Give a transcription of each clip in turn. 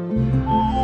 Oh.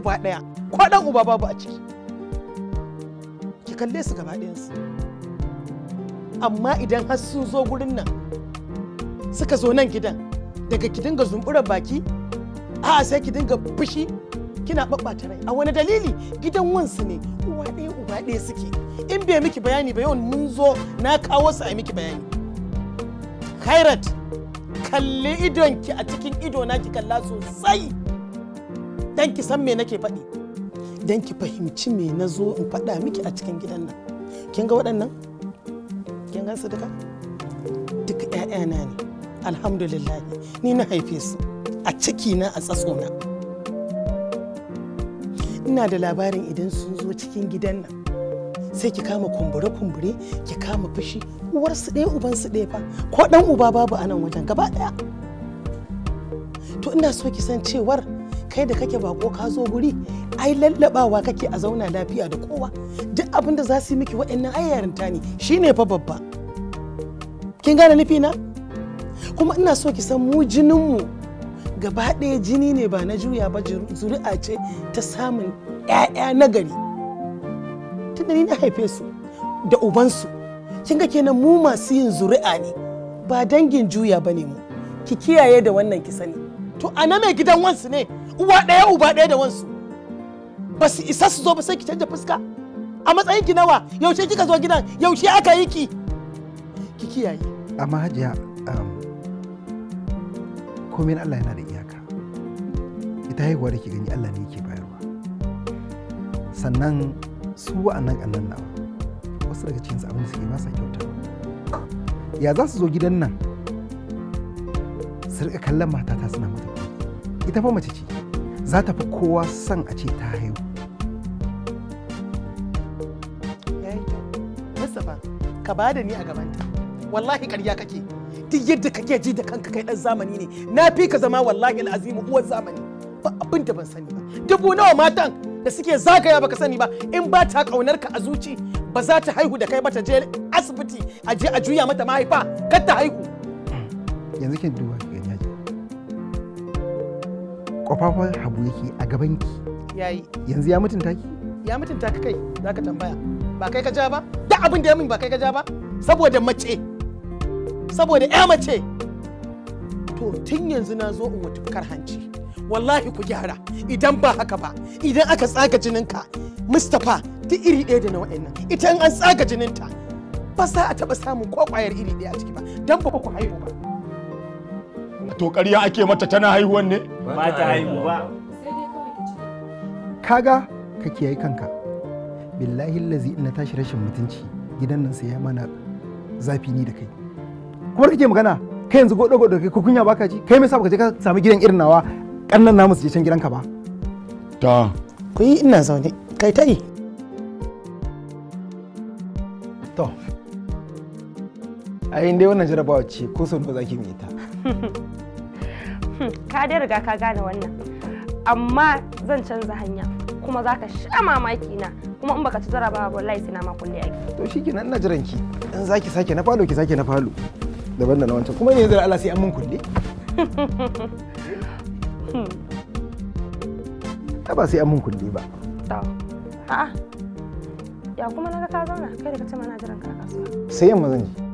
uba ɗaya ko ɗan uba babu a ciki ki kalle su gaba ɗayansu amma idan har sun zo gurin nan suka zo nan gidan daga ki dinga zumbura baki a sai ki dinga fushi kina babbata rai a wani dalili gidan wansu ne uwa ɗaya uba ɗaya suke in bai miki bayani ba yau mun zo na kawo su a miki bayani khairat kalli idonki a cikin ido na ki kalla sosai dan ki san me nake faɗi dan ki fahimci me na zo in faɗa miki a cikin gidan nan kin ga waɗannan kin gansu duka duka ƴaƴana ne alhamdulillah ni na haife su a ciki na a tsatsona ina da labarin idan sun zo cikin gidan nan sai ki kama kumbure-kumbure ki kama fushi uwarsu ɗaya su ɗaya fa ko ɗan uba babu a nan wajen gaba ɗaya to ina so ki san cewar kai da kake bako ka zo guri ai lallabawa kake a zauna lafiya da kowa duk abin da za su yi miki waɗannan ai yarinta ne shine fa babba kin gane nufi na kuma ina so ki san mu jinin mu gaba ɗaya jini ne ba na juya ba zuri'a ce ta samun ƴaƴa na gari tunda ni na haife su da ubansu kin ga kenan mu masu yin zuri'a ne ba dangin juya ba ne mu ki kiyaye da wannan ki sani to ana mai gidan wansu ne uwa ɗaya uba ɗaya da wansu ba su isa su zo ba sai ki canja fuska a matsayin ki nawa yaushe kika zo gidan yaushe aka yi ki ki kiyaye amma hajiya um, komai Allah yana da iyaka ita haihuwa da ke gani Allah ne yake bayarwa sannan su wa'annan ƙannan nawa wasu daga cikin abin da suke masa kyauta ya za su zo gidan nan su rika kallon ta suna mata ita fa mace ce za ta fi kowa son a ce ta haihu Mustapha ka ba da ni a gabanta wallahi ƙarya kake duk yadda kake ji da kanka kai ɗan zamani ne na fi ka zama wallahi al'azim uwar zamani ba abin da ban sani ba dubu nawa matan da suke zagaya baka sani ba in ba ta kaunar ka a zuci ba za ta haihu da kai ba ta je asibiti a je a juya mata mahaifa kar ta haihu yanzu kin duba kwafafan habu yake a gaban ki yayi yanzu ya mutunta ki ya mutunta ka kai zaka tambaya ba kai ka ja ba da abin da ya min ba kai ka ja ba saboda mace saboda ya mace to tun yanzu na zo in wata fukar hanci wallahi ku gyara idan ba haka ba idan aka tsaga jininka mustapha duk iri ɗaya da na wa'annan ita in an tsaga jininta ba za a taɓa samun kwakwayar iri ɗaya a ciki ba don ba ku haihu ba to ƙarya ake mata tana haihuwan ne ba ta ba. kaga ka kiyaye kanka billahi lazi ina tashi rashin mutunci gidan nan sai ya mana zafi ni da kai kuma kake magana kai yanzu godo godo kai kunya baka ji kai me yasa baka je ka samu gidan irin nawa kannan namu su je can gidanka ba ta ku yi ina zaune kai ta yi to ai dai wannan jarabawa ce ko sau ba za ki mai ita ka dai riga ka gane wannan amma zan canza hanya kuma za ka sha mamaki na kuma in baka ci ba wallahi sai na ma kulle aiki to shikenan ina jiran ki in zaki sake na falo ki sake na falo daban da na wancan kuma ne yanzu Allah sai an mun kulle ta ba sai an mun kulle ba to a'a ya kuma naga ka zauna kai da ka ce mana jiran ka kasuwa sai yamma zan je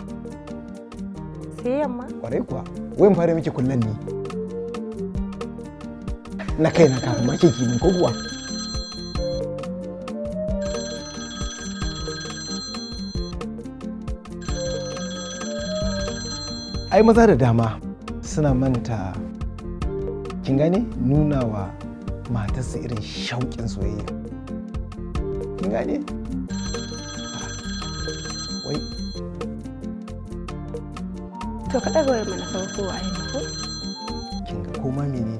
siyayyan ma? Kwarai kuwa, wayan fara miki kullan ne. Na kai na kafin ma ke ko kuwa? ai maza da dama suna manta kin gane nuna wa matarsa irin shauƙin soyayya kin gane To ka ɗaga wayar mana farko a yi ko? Kin ga koma menene?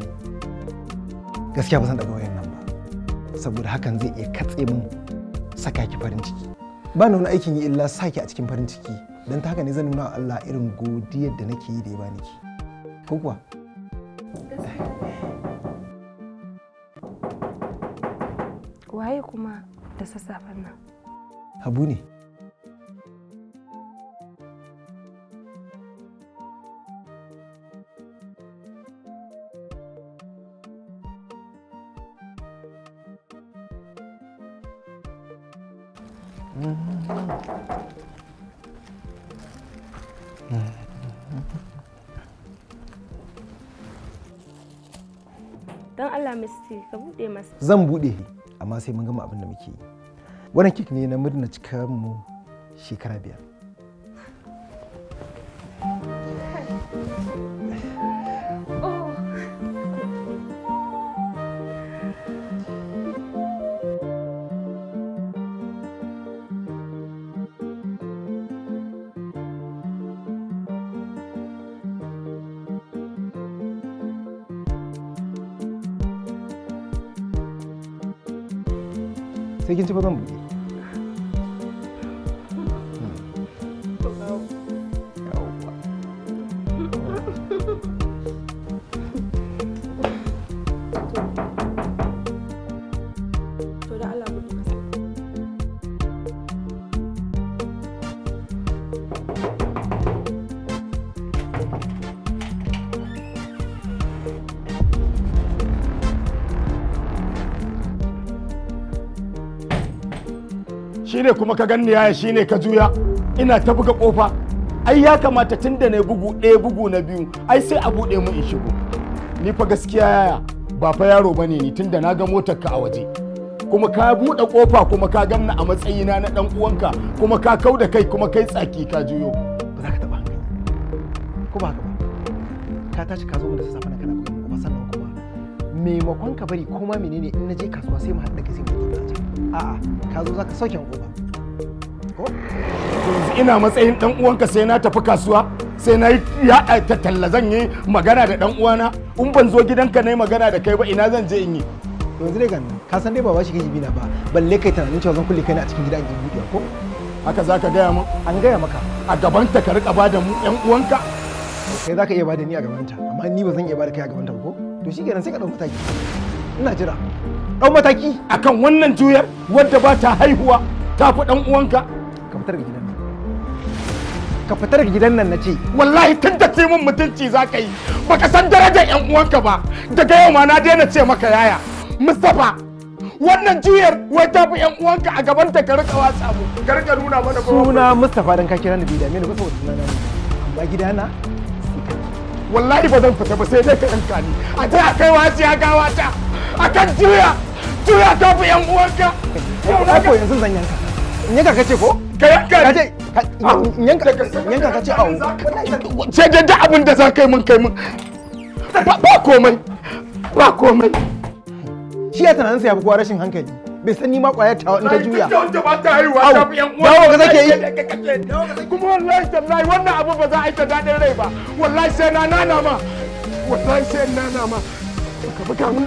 Gaskiya ba zan ɗaga wayar nan ba. Saboda hakan zai iya katse min saka ki farin ciki. Ba na wani aikin yi illa saki a cikin farin ciki. Don ta haka ne zan nuna wa Allah irin godiyar da nake yi da ya bani ki. Ko kuwa? Waye kuma da sassafen nan? Habu ne. zan bude amma sai mun gama abin da muke yi wannan kek ne na murna cikar mu shekara biyar ne kuma ka ganni yaya shi ne ka juya ina ta buga kofa ai ya kamata tun da na bugu ɗaya bugu na biyu ai sai a buɗe mu in shigo ni fa gaskiya yaya ba fa yaro bane ni tun da na ga motar ka a waje kuma ka buɗe kofa kuma ka gamna a matsayina na ɗan uwanka kuma ka kau da kai kuma kai tsaki ka juyo ba za ka taɓa hankali ko ba haka ba ka tashi ka zo mu da sassafe na kana buga kuma sannan kuma maimakon ka bari kuma menene in na je kasuwa sai mu haɗa kai sai mu a'a ka zo za ka sauke mu ina matsayin dan uwanka sai na tafi kasuwa sai na ya ta talla zan yi magana da dan uwana in ban zo gidanka ne magana da kai ba ina zan je in yi yanzu dai gani ka san dai ba bashi gaji na ba balle kai tunanin cewa zan kulle kai na a cikin gidan in buɗe ko haka zaka gaya min an gaya maka a gaban ta ka rika bada mu yan uwanka kai zaka iya bada ni a gaban ta amma ni ba zan iya bada kai a gaban ta ko to shikenan sai ka dauki mataki ina jira dau mataki akan wannan juyar wadda ba ta haihuwa ta fi dan uwanka ka fitar da ka fitar gidan nan na ce wallahi tun da ce mun mutunci za ka yi baka san darajar yan uwanka ba daga yau ma na daina ce maka yaya mustapha wannan juyar wai ta fi yan uwanka a gaban ta ka rika watsa mu ka rika nuna mana ba suna mustapha dan ka kira ni da dame ni ba saboda sunana amma gidana wallahi ba zan fita ba sai dai ka danka ni a ta a kai wa ya gawa ta akan juya juya ta fi yan uwanka ai ko yanzu zan yanka in yanka ce ko ka ce yanka ka ce awo sai dai duk abin da za ka yi mun kai mun ba komai ba komai shi ya tunanin sa ya fi kowa rashin hankali bai san ni ma kwayar tawa in ta juya dawo ka zake yi kuma wallahi tallahi wannan abu ba za a yi ta daɗin rai ba wallahi sai na nana ma wallahi sai na nana ma ka mun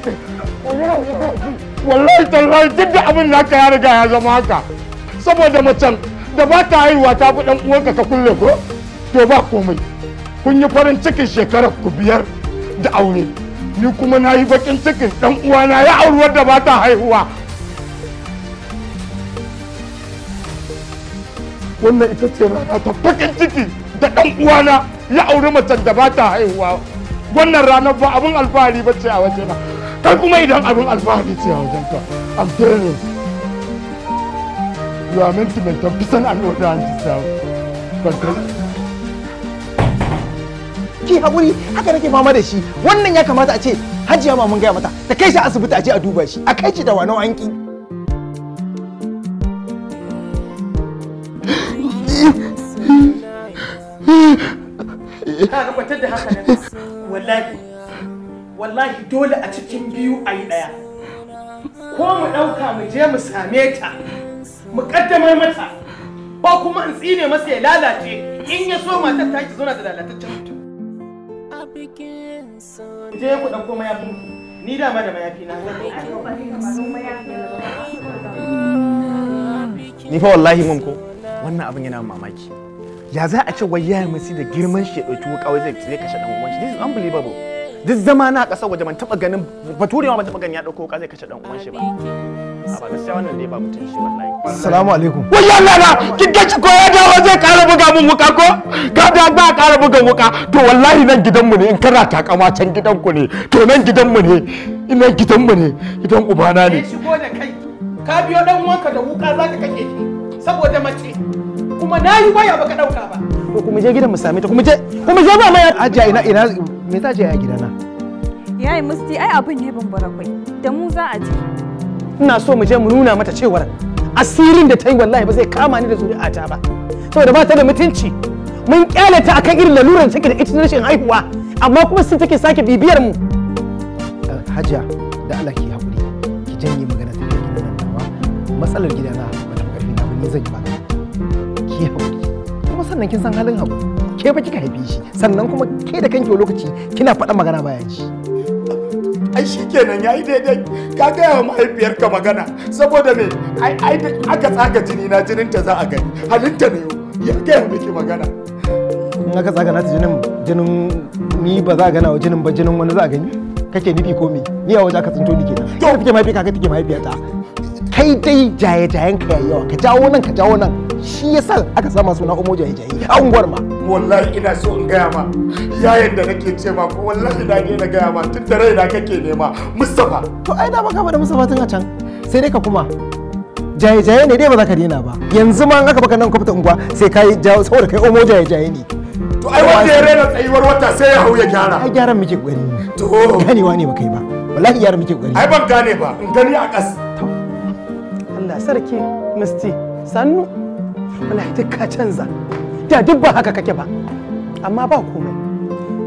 wallahi tallahi duk da abin da ka ya riga ya zama haka saboda macen da ba ta haihuwa ta fi dan uwanka ka kulle ko to ba komai kun yi farin cikin shekarar ku biyar da aure ni kuma na yi bakin cikin dan uwana ya aure wanda ba ta haihuwa wannan ita ce rana ta bakin ciki da dan uwana ya auri macen da ba ta haihuwa wannan ranar ba abin alfahari ba ce a wajena kai kuma idan abin alfahari ce a wajenka i'm You are meant to be a person and order and serve. Ki haƙuri haka nake fama da shi wannan ya kamata a ce hajiya ma mun gaya mata ta kai shi asibiti a je a duba shi a kai shi da wani wanki. Ka gabatar da haka nan wallahi wallahi dole a cikin biyu a yi ɗaya ko mu ɗauka mu je mu same ta mu kaddamar mata ba kuma in tsine masa ya lalace in ya so matar ta ki zauna da lalataccen mutum je ku ɗauko mayafin ni dama da mayafi na ni fa wallahi mun ko wannan abin yana mamaki ya za a ce wai yaya masu da girman shi ya ɗauki wuƙa wai zai kashe ɗan uwan shi this is unbelievable duk zama na ƙasar waje ban taɓa ganin baturewa ban taɓa ganin ya ɗauko wuka zai kashe ɗan uwan shi ba a ba gaskiya wannan ne ba mutum shi wallahi assalamu alaikum wallahi lana kin ga ko ya dawo zai ƙara buga mun wuka ko ka da ba ƙara buga wuka to wallahi nan gidanmu ne in kana kama can gidanku ne to nan gidanmu ne ina gidanmu ne gidan ubana ne shigo da kai ka biyo dan uwanka da wuka ka kake shi saboda mace kuma na yi waya baka ɗauka ba Ko kuma je gidan mu same ta kuma je kuma je ba mai ajiya ina ina me ta je a gidana yayi musti ai abin ne bambara kai da mu za a je ina so mu je mu nuna mata cewar asirin da ta yi wallahi ba zai kama ni da zuri'ata ba saboda ba ta da mutunci mun kyale ta akan irin lalurar da take da ita rashin haihuwa amma kuma sun take sake bibiyar mu eh, hajiya da Allah ki haƙuri ki janye magana ta gidan nawa matsalar gidana ba ta karfi na ba ni zan yi ba haƙuri kuma sannan kin san halin haƙuri ke ba kika haife shi sannan kuma ke da kanki lokaci kina faɗa magana baya ji ai shi kenan yayi daidai ka gaya wa mahaifiyarka magana saboda me ai ai aka tsaga jini na jinin ta za a gani halinta ne ya gaya miki magana in aka tsaga na ta jinin jinin ni ba za a gana wa jinin ba jinin wani za a gani kake nufi ko me ni a waje aka tsinto ni kenan to kike mahaifi ka kake mahaifiyata kai dai jaye-jayen ka yayi yawa ka jawo nan ka jawo nan shi ya san aka sama suna umo jaye-jaye a unguwar ma wallahi ina so in gaya ma yayin da nake ce ma ko wallahi na na gaya ma tun da raina kake nema Mustapha to ai da baka da Mustapha tun a can sai dai ka kuma jaye-jaye ne dai ba za ka daina ba yanzu ma aka baka nan kwafta unguwa sai ka jawo saboda kai umo jaye-jaye ne to ai wanda ya rena tsayuwar wata sai ya hau ya gyara ai gyaran muke gwani to ganewa ne ba kai ba wallahi gyaran muke gwani ai ban gane ba in gani a ƙasa Allah sarki musti sannu wallahi duk ka canza da duk ba haka kake ba amma ba komai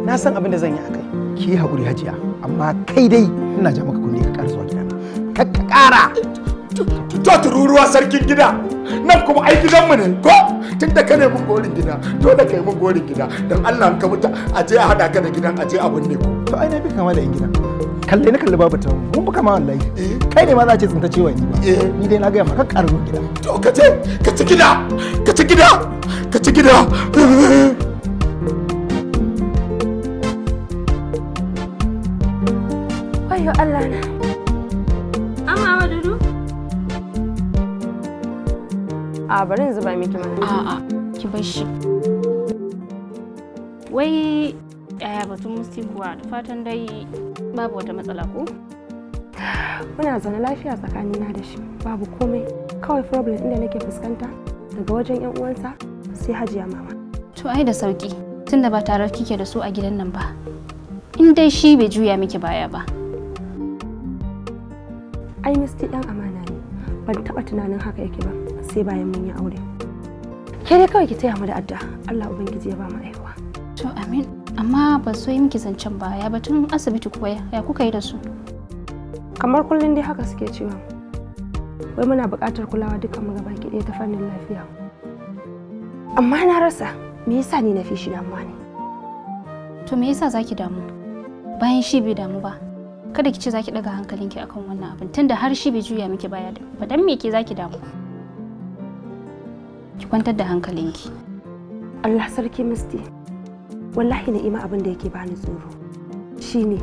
na san abin da zan yi a kai. ki yi haƙuri hajiya amma kai dai ina ja maka kunne ka ƙara zuwa gida ka ka ƙara to tururuwa sarkin gida nan kuma ai gidanmu ne ko tun da ka ne mun gorin gida dole ka yi mun gorin gida dan Allah ka mutu a a haɗa ka da gidan a je a wanne ku to ai na bi kama da yan gidan kalle ni kalle babu tawo mun buka ma wallahi eh. kai ne ma za a ce tsinta cewa ni ba eh. ni dai na ga maka kar zo gida to ka ce ka ci gida ka ci gida ka ci gida wayo Allah na amma ma dudu a bari in zuba miki mana a a ki bar shi wai ba eh, batun musti kuwa da fatan dai babu wata matsala ko? Muna zaune lafiya tsakanina da shi babu komai kawai problem da nake fuskanta daga wajen ƴan uwansa sai hajiya mama. To ai da sauki tunda ba tare kike da su a gidan nan ba. In dai shi bai juya miki baya ba. Ai musti dan amana ne ban taba tunanin haka yake ba sai bayan mun yi aure. Ke dai kawai ki taya mu da adda, Allah ubangiji ya ba mu aiwa. To amin. amma ba su yi miki zancen ba ya batun asibiti kuwa ya kuka yi da su kamar kullum dai haka suke cewa wai muna buƙatar kulawa duka mu gaba ɗaya ta fannin lafiya amma na rasa me yasa ni na fi shi damuwa ne to me yasa zaki damu bayan shi bai damu ba kada ki ce zaki daga hankalinki akan wannan abin tunda har shi bai juya miki baya da ba dan me ke zaki damu ki kwantar da hankalinki Allah sarki Misti. wallahi na ima abin da yake bani tsoro shine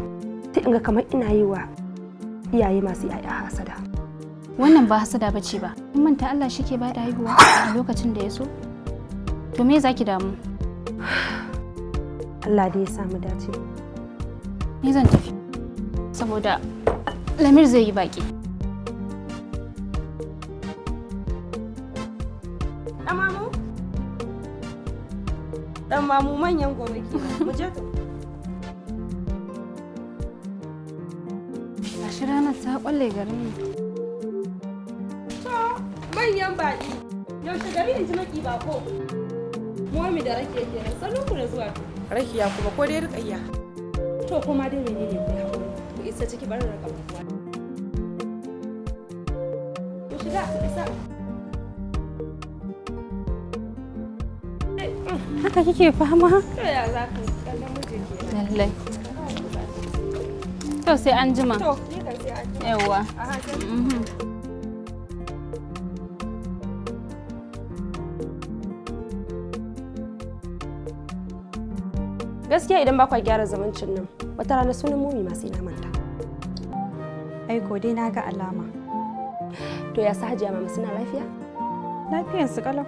sai in ga kamar ina yi wa iyaye masu yaya hasada wannan ba hasada ba ce ba in manta Allah shi ke ba da haihuwa a lokacin da ya so to me za damu Allah da ya samu dace ni zan tafi saboda lamir zai yi baki Amamu? Dan ma mu manyan gobe ki. Mu je ta. Gashi ranar ta kwalle garin To, manyan baƙi. Yaushe gari in ji maki ba ko? Muhammi da ke nan Sanin ku da zuwa. Rakiya kuma ko dai rikayya. To kuma dai menene ku hakuri? Ku isa ciki barin rakawa. Ku shiga ku isa. haka kike fama to ya za ka kallon mijinki lallai to sai an jima to ni kan sai an jima yawa gaskiya idan ba kwa gyara zamancin nan wata rana sunan mumi masu ina manta aiko dai na ga alama to ya sa hajiya mama suna lafiya lafiyansu kalau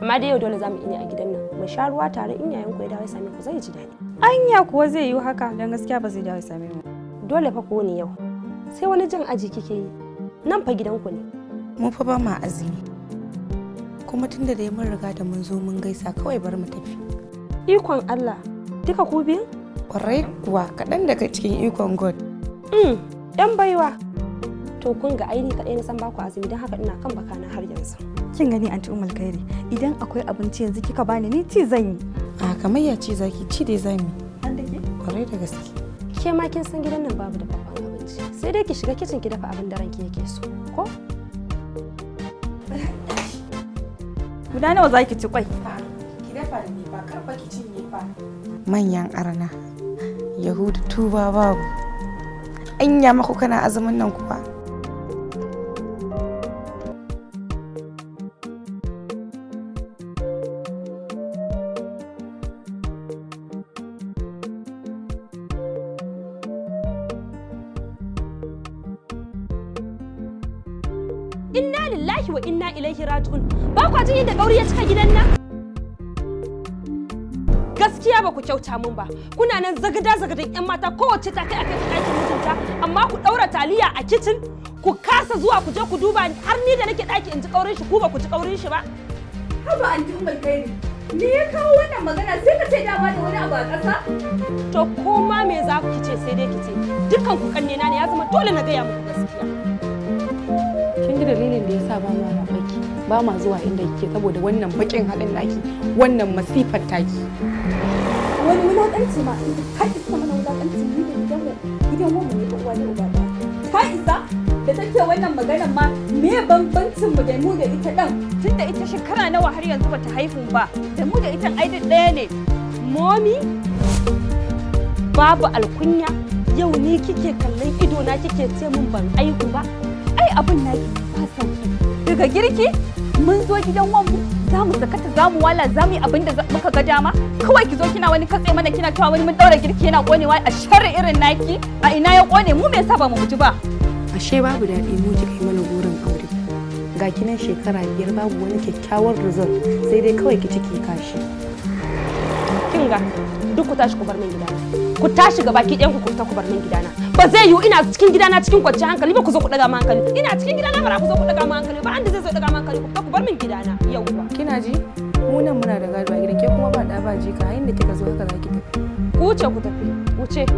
amma dai yau dole zamu iya a gidan nan mu sha ruwa tare in yayan ku ya dawo ya same ku zai ji daɗi anya kuwa zai yi haka dan gaskiya ba zai dawo ya same mu dole fa ko ne yau sai wani jin aji kike yi nan fa gidan ku ne mu fa ba ma azumi kuma tunda dai mun riga da mun zo mun gaisa kawai bar mu tafi ikon Allah duka ku biyan kwarai kuwa kaɗan daga cikin ikon God. Mm, ‘yan baiwa. to kun ga aini kaɗai na san baku azumi don haka ina kan baka na har yanzu kin gani anti umar kairi idan akwai abinci yanzu kika bani ni ci zan yi a kamar ya ce zaki ci dai zami an da ke kwarai da gaske ke ma kin san gidan nan babu da babban abinci sai dai ki shiga kicin ki dafa abin da ranki yake so ko guda nawa zaki ci kwai ki dafa ni ba kar ba ki cinye ba manyan arna yahudu tuba babu anya maku kana azumin nan kuwa kyauta mun ba kuna nan zagada zagadan yan mata kowace ta kai akan aikin mijinta amma ku daura taliya a kitchen ku kasa zuwa ku je ku duba har ni da nake daki in ji kaurin shi ku ba ku ji kaurin shi ba haba an ji mai kai ne ya kawo wannan magana sai ka ce dama da wani abu a ƙasa to ma me za ku ce sai dai ki ce dukkan kanne na ne ya zama dole na gaya muku gaskiya kin ji dalilin da yasa ba ma ba ma zuwa inda kike saboda wannan bakin halin naki wannan masifar taki wulaƙanci ma ka isa mana wulaƙanci ni da gidan mu gidan mu ne uwa da uba da ka isa da take wannan maganar ma me bambancin mu da mu da ita dan tunda ita shekara nawa har yanzu bata haihu ba da mu da ita ai ɗaya ne momi babu alkunya yau ni kike kallon ido na kike ce min ban aihu ba ai abin na ba sauki daga girki mun zo gidan wanmu za mu ta za mu wala za mu yi abin da muka ga dama kawai ki zo kina wani katse mana kina cewa wani mun daura girki yana konewa a sharri irin naki a ina ya kone mu me yasa ba mu mutu ba ashe babu daɗi mu ji yi mana gurin aure ga kinan shekara biyar babu wani kyakkyawar result sai dai kawai ki ciki kashi kin ga duk ku tashi ku bar min gidana ku tashi gaba ki ɗan ku ku ta ku bar min gidana ba zai yiwu ina cikin gidana cikin kwanciyar hankali ba ku zo ku daga ma hankali ina cikin gidana ba ku zo ku daga ma hankali ba anda zai zo daga ma hankali ku bar min gidana ba. kina ji mu nan muna da gado a gidan ke kuma ba da ba jika hayin da kika zo haka zaki tafi ku wuce ku tafi wuce ke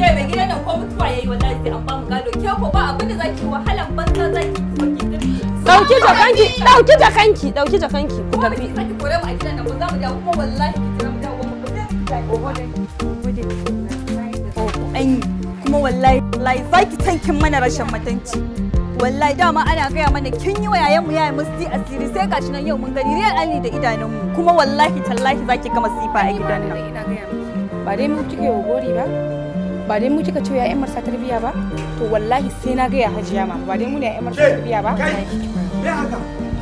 da gidan nan ko mutuwa yayi wallahi sai an ba mu gado ke ko ba abin da zaki wahalan banza zaki dauki jakanki dauki jakanki dauki jakanki ku tafi zaki kore mu a gidan nan ba za mu dawo kuma wallahi ki jira mu dawo mu tafi ko ko ko ko kuma wallahi wallahi zaki tankin mana rashin matanci wallahi dama ana gaya mana kin yi wa yayanmu yaya musti asiri sai gashi nan yau mun gani real ali da idanunmu kuma wallahi tallahi zaki gama masifa a gidan nan ba dai mu kike wa gori ba ba dai mu kika ce ya'yan marsa tarbiyya ba to wallahi sai na gaya hajiya ma ba dai mu ne ya'yan marsa tarbiyya ba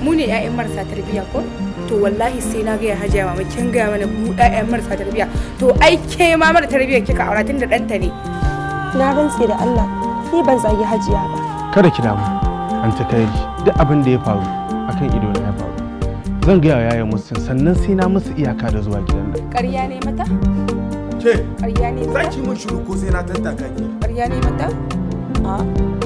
mu ne ya'yan marsa tarbiya ko to wallahi sai na gaya hajiya ma kin gaya mana ku ɗayan marsa tarbiyya to ai ke ma mara tarbiyya kika aura tun da danta ne na rantse da Allah ni ban zagi hajiya ba kada ki damu an ta kai duk abin da ya faru akan ido na ya faru zan gaya wa yayan musu sannan sai na musu iyaka da zuwa gidan nan ƙarya ne mata ke ƙarya ne mata zaki mun shiru ko sai na tantaka ki ƙarya ne mata a ah.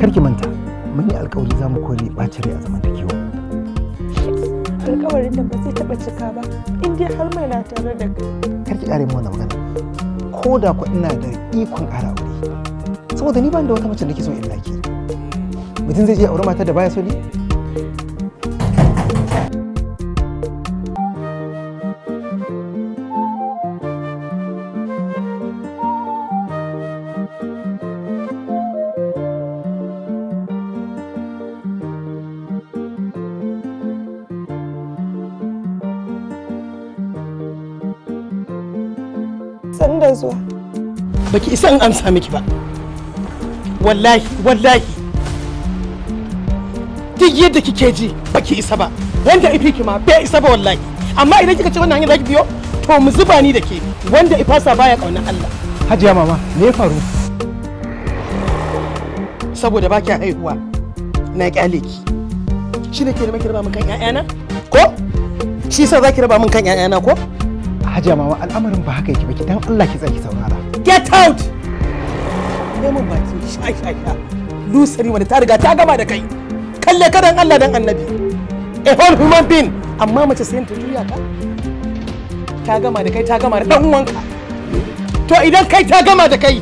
karki manta mun yi alkawari za mu kore ɓacin rai a zamantakewa alkawarin da ba zai taɓa cika ba in dai har mai na tare da kai karki ƙare mu wannan magana ko da ku na da ikon ƙara aure saboda ni ban da wata mace da ke so in laki mutum zai je aure mata da baya so ne baki isa in amsa miki ba wallahi wallahi duk yadda kike ji baki isa ba wanda ifi ki ma bai isa ba wallahi amma idan kika ce wannan hanyar zaki biyo to mu zuba ni da ke wanda ifasa baya kaunar Allah hajiya mama me ya faru saboda ba kya haihuwa na kyale ki shi ne ke da raba mun kan ƴaƴana ko shi sa zaki raba mun kan ƴaƴana ko hajiya mama al'amarin ba haka yake ba ki dan Allah ki tsaki saura get out neman baki sha sha sha lusari wanda ta riga ta gama da kai kalle ka Allah dan annabi a whole human being amma mace sayan ta juya ka ta gama da kai ta gama da dan uwanka to idan kai ta gama da kai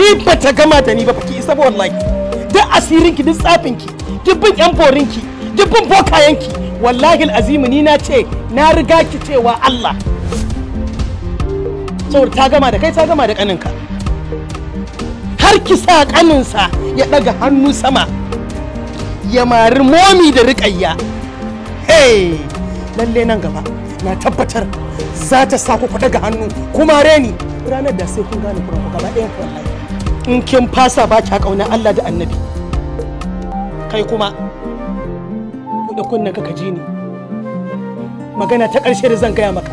ni ba ta gama da ni ba fa ki isa ba wallahi duk asirin ki duk tsafin ki duk bin yan borin ki duk bin bokayen ki wallahi alazimi ni na ce na riga ki cewa Allah saboda ta gama da kai ta gama da kaninka har ki sa kaninsa ya daga hannu sama ya mari momi da riƙayya hey lalle nan gaba na tabbatar za ta sa ku daga hannu kuma reni ranar da sai kun gane ku gaba ɗayan wallahi in kin fasa ba kya kauna Allah da annabi kai kuma buɗe kunnen ka ji ni magana ta ƙarshe da zan gaya maka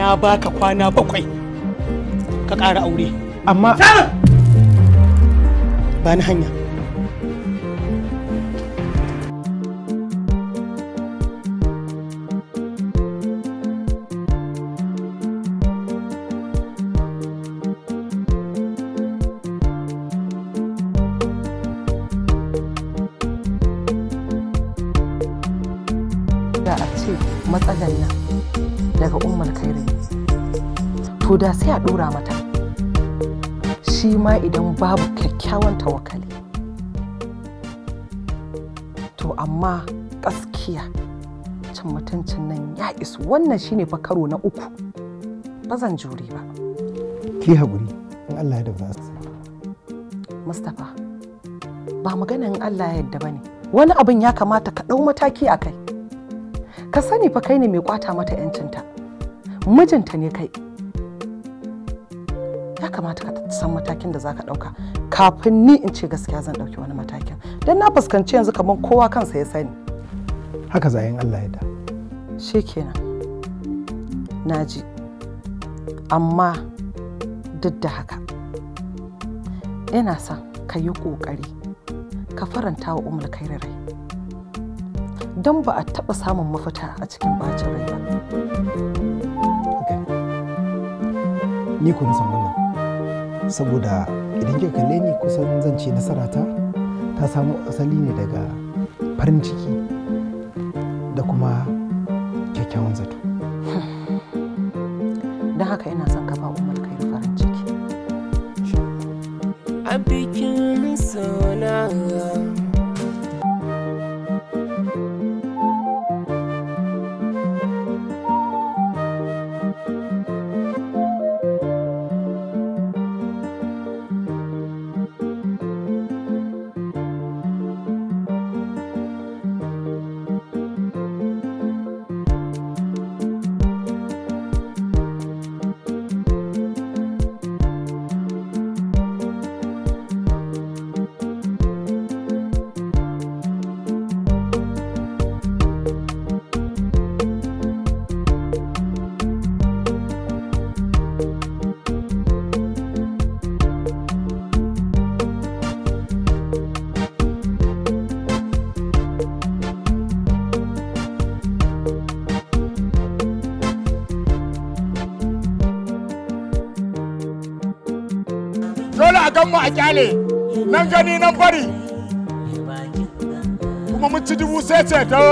na baka kwana bakwai ka ƙara aure amma ba ni hanya a mata shi ma idan babu kyakkyawan tawakali to amma gaskiya can mutuncin nan ya isu wannan shine fa karo na uku ba zan jure ba ki haƙuri in Allah ya dabba Mustapha ba maganin Allah ya yadda ba ne. wani abin ya kamata ka ɗau mataki a kai ka sani fa kai ne mai kwata mata 'yancinta mijinta ne kai kamata ka san matakin da za ka ɗauka kafin ni in ce gaskiya zan ɗauki wani matakin don na fuskanci yanzu kamar kowa kansa ya sani haka zayin allah ya da shikenan na ji amma duk da haka ina son ka yi ƙoƙari ka faranta wa umar kai rai don ba a taɓa samun mafita a cikin bacin rai ba ni kun san saboda idan kika kalle ni kusan zan ce nasara ta ta samu asali ne daga farin ciki da kuma kyakkyawan zato don haka ina son kyale nan gani nan bari kuma mun ci dubu sai ce ta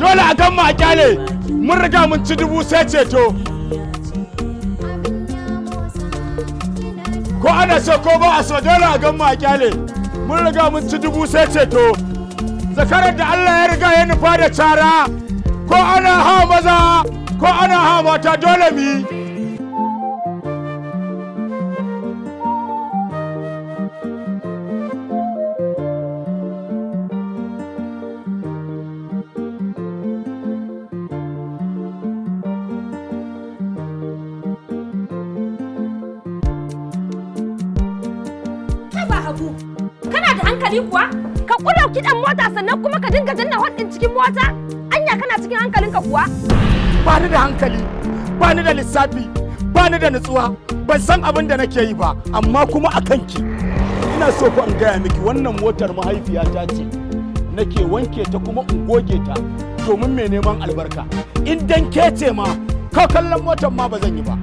dole a gan mu mun riga mun ci dubu sai ceto ana so ko ba a so dole a gan mu a kyale mun riga mun ci dubu sai ceto zakarar da Allah ya riga ya nufa da cara ko ana ha maza ko ana ha mata dole mu sannan kuma ka dinga janna waɗin cikin mota anya kana cikin hankalinka kuwa ba ni da hankali ba ni da lissafi ba ni da nutsuwa ban san abin da nake yi ba amma kuma a kanki ina so ku an gaya miki wannan motar mahaifiyata ce nake wanke ta kuma in goge ta domin mai neman albarka in dan kece ma ka kallon motar ma ba zan yi ba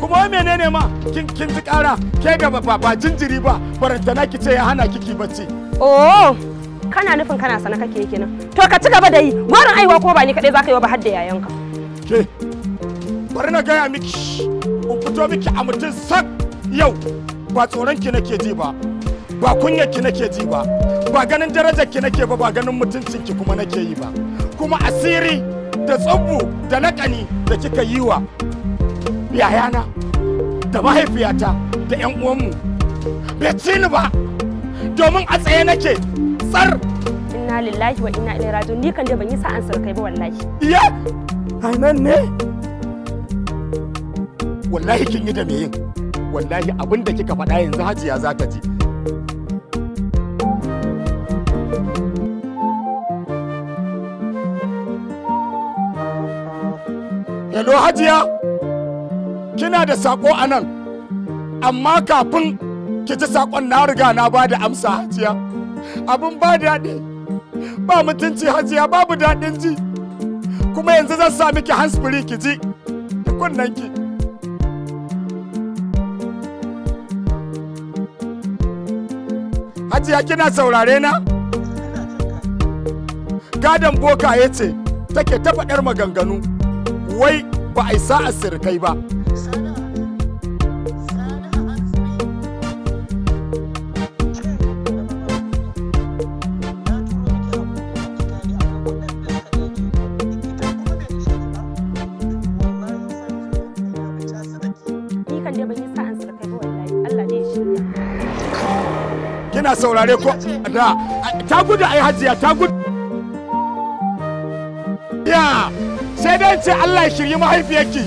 kuma menene ma kin kin ji kara ke gaba ba jinjiri ba barantana ki ce ya hana kiki bacci oh kana nufin kana sana kake kenan to ka ci gaba da yi gwarin aiwa ko ba ni kadai zaka yi ba har da yayanka ke bari na gaya miki in fito miki a mutum sak yau ba tsoron ki nake ji ba ba kunyar ki nake ji ba ba ganin darajar ki nake ba ba ganin mutuncin ki kuma nake yi ba kuma asiri da tsubbu da nakani da kika yi wa yayana da mahaifiyata da 'yan uwanmu bai ci ni ba domin a tsaye nake tsar inna lillahi wa inna ilaihi raji'un ni kan dai ban yi sa'an sarkai ba wallahi iya Ai nan ne wallahi kin yi da me yin wallahi abin da kika faɗa yanzu hajiya za ta ji Hello Hajiya, kina da saƙo a nan, amma kafin ki ji saƙon na riga na ba da amsa Hajiya. abun ba daɗi ba mutunci hajiya babu daɗin ji kuma yanzu zan sa miki hansfuri ki ji da kunnen ki hajiya kina saurare na gadon boka ya ce take ta faɗar maganganu wai ba a yi sa'a sirkai ba saurare ko da ta gudu ai hajiya ta gudu ya sai dai ce Allah ya shirye mahaifiyarki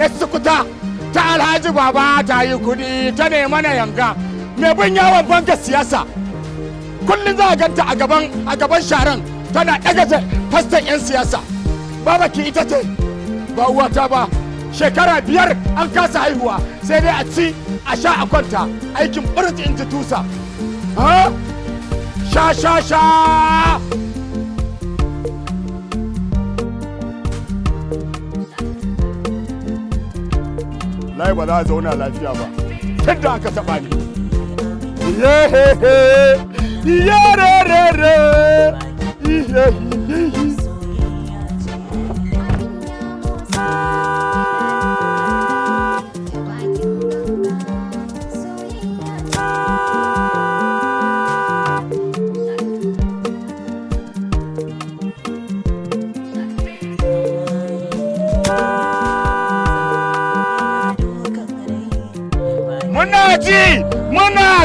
ya sukuta ta alhaji baba ta yi kudi ta ne mana yanga Me bin yawon banka siyasa kullun za a ganta a gaban a gaban sharan tana ɗaga fastan 'yan siyasa baba ki ita ce ba uwata ba shekara biyar an kasa haihuwa sai dai a ci a sha a kwanta aikin burit in tusa Ha? Sha sha sha! Lai ba za a zauna lafiya ba. Tun aka taɓa ni.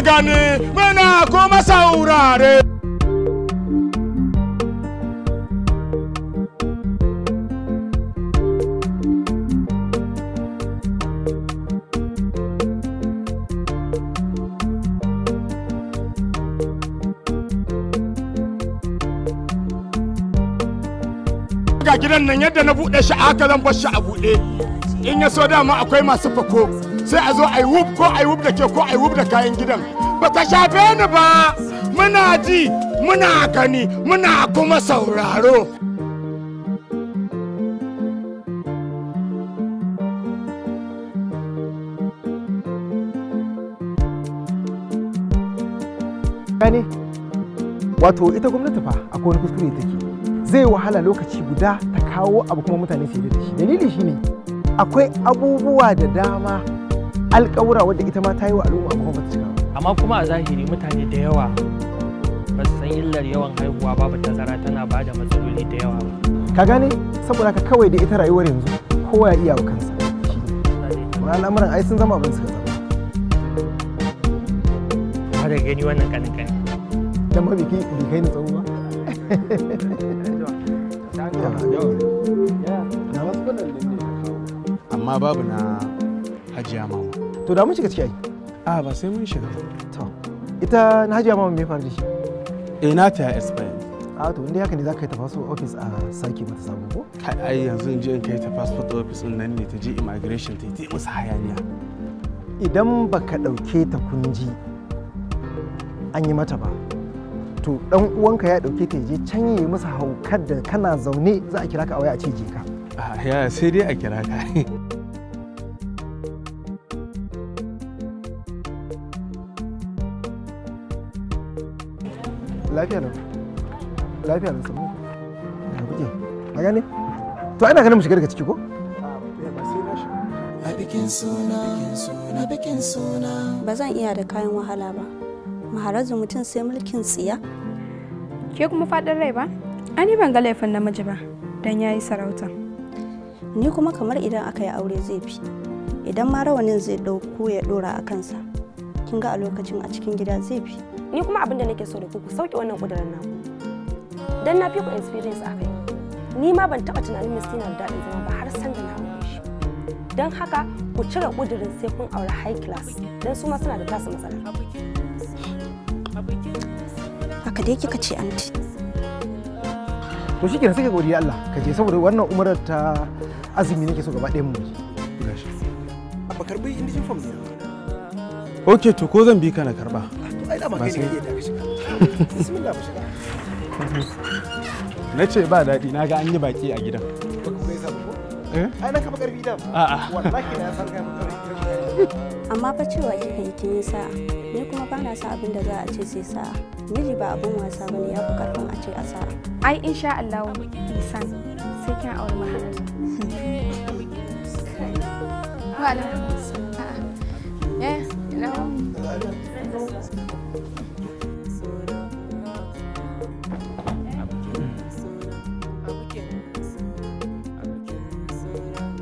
gani muna kuma saurare ga gidan nan yadda na buɗe shi aka zan bar shi a buɗe in ya so dama akwai masu fako sai a zo a yi ko a yi da ke ko a yi da kayan gidan ba ta shafe ni ba muna ji muna gani muna kuma sauraro gani wato ita gwamnati fa akwai wani kuskure take zai wahala lokaci guda ta kawo abu kuma mutane su yi da shi dalili shine akwai abubuwa da dama alƙawura wadda ita ma ta yi wa al'umma kuma ba ta cika amma kuma a zahiri mutane da yawa ba su san illar yawan haihuwa babu tazara tana ba da matsaloli da yawa ba ka gane saboda ka kawai da ita rayuwar yanzu kowa ya iya wa kansa wani al'amuran ai sun zama abin suka zama ba da gani wannan kanin kani dan ma biki bi kai ni tsawo ba amma babu na hajiya mamu to da mun shiga ciki ai a ba sai mun shiga to ita na hajiya mama me faru da shi eh na ta expire a to inda haka ne za ka yi ta passport office a Saki mata sabo ko ai yanzu in je in kai ta passport office din nan ne ta je immigration ta yi musu hayaniya idan baka dauke ta kunji an yi mata ba to dan uwanka ya dauke ta je can yi musu haukar da kana zaune za a kira ka a waya a ce je ka ya sai dai a kira ka lafiya lafiya nan samu ya kuke a gane to ana mu daga ciki ko ba zan iya da kayan wahala ba maharazu mutum sai mulkin tsiya ke kuma fadin rai ba ani ban ga laifin namiji ba dan yi sarauta ni kuma kamar idan aka yi aure zai fi idan ma rawanin zai dauko ya dora a kansa kin ga a lokacin a cikin gida zai fi ni kuma abin da nake so da ku ku sauke wannan kudirin naku dan na fi ku experience a kai ni ma ban taba tunanin Miss Tina da daɗin zama ba har san da na aure shi dan haka ku cire kudirin sai kun aure high class dan su ma suna da tasu matsala haka dai kika ce anti to shi kenan sai godiya Allah ka je saboda wannan umarar ta azumi nake so gaba ɗayan mu ba karbi indijin form ne okay to ko zan bi ka na karba ai dama ne na ce ba daɗi na ga an yi baki a gidan amma fa cewa kika yi kin yi ni kuma ba na sa abin da za a ce sai sa'a miji ba abin wasa bane ya fi karfin a ce a sa'a ai insha Allah san sai kin aure mahalar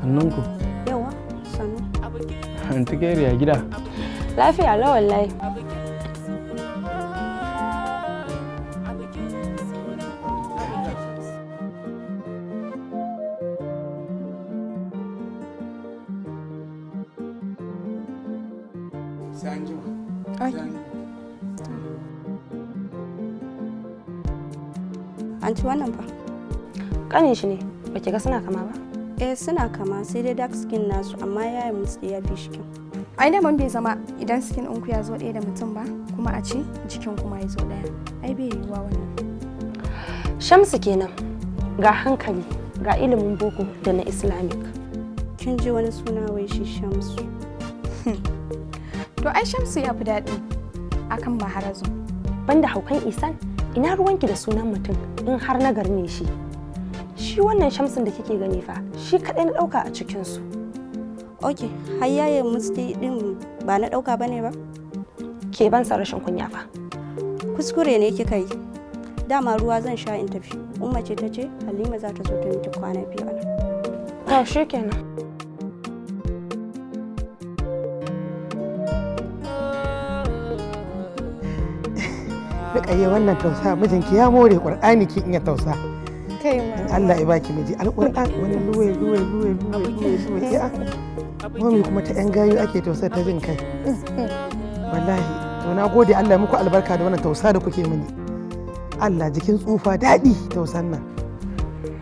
Nunku. Yawa, sannu hantu Antikeri ya gida. Lafiya la wallahi. An ci wannan ba? kanin shi ne, ba ki ga suna kama ba? eh suna kama sai dai dark skin nasu amma yi musu ya fi shi kyau ai bai zama idan skin ɗinku ya zo ɗaya da mutum ba kuma a ce jikin kuma ya zo ɗaya ai bai yiwuwa wannan shamsu kenan ga hankali ga ilimin boko da na islamic kin ji wani suna wai shi shamsu to ai shamsu ya fi daɗi akan maharazu banda haukan isan ina ruwanki da sunan mutum in har na garne shi shi wannan shamsin da kike gani fa shi kaɗai na ɗauka a cikin su ok har yayin musti ɗin ba na ɗauka bane ba ke ban sa rashin kunya fa kuskure ne kika yi dama ruwa zan sha in tafi umma ce ta ce halima za ta zo ta miki kwana biyu ana to shikenan yi wannan tausa mijinki ya more ƙur'ani ki in ya tausa. kai ma Allah ya baki miji alƙur'an wani luwe luwe luwe luwe luwe ya mami kuma ta yan gayu ake tausa ta jin kai wallahi to na gode Allah muku albarka da wannan tausa da kuke mini Allah jikin tsufa daɗi tausan nan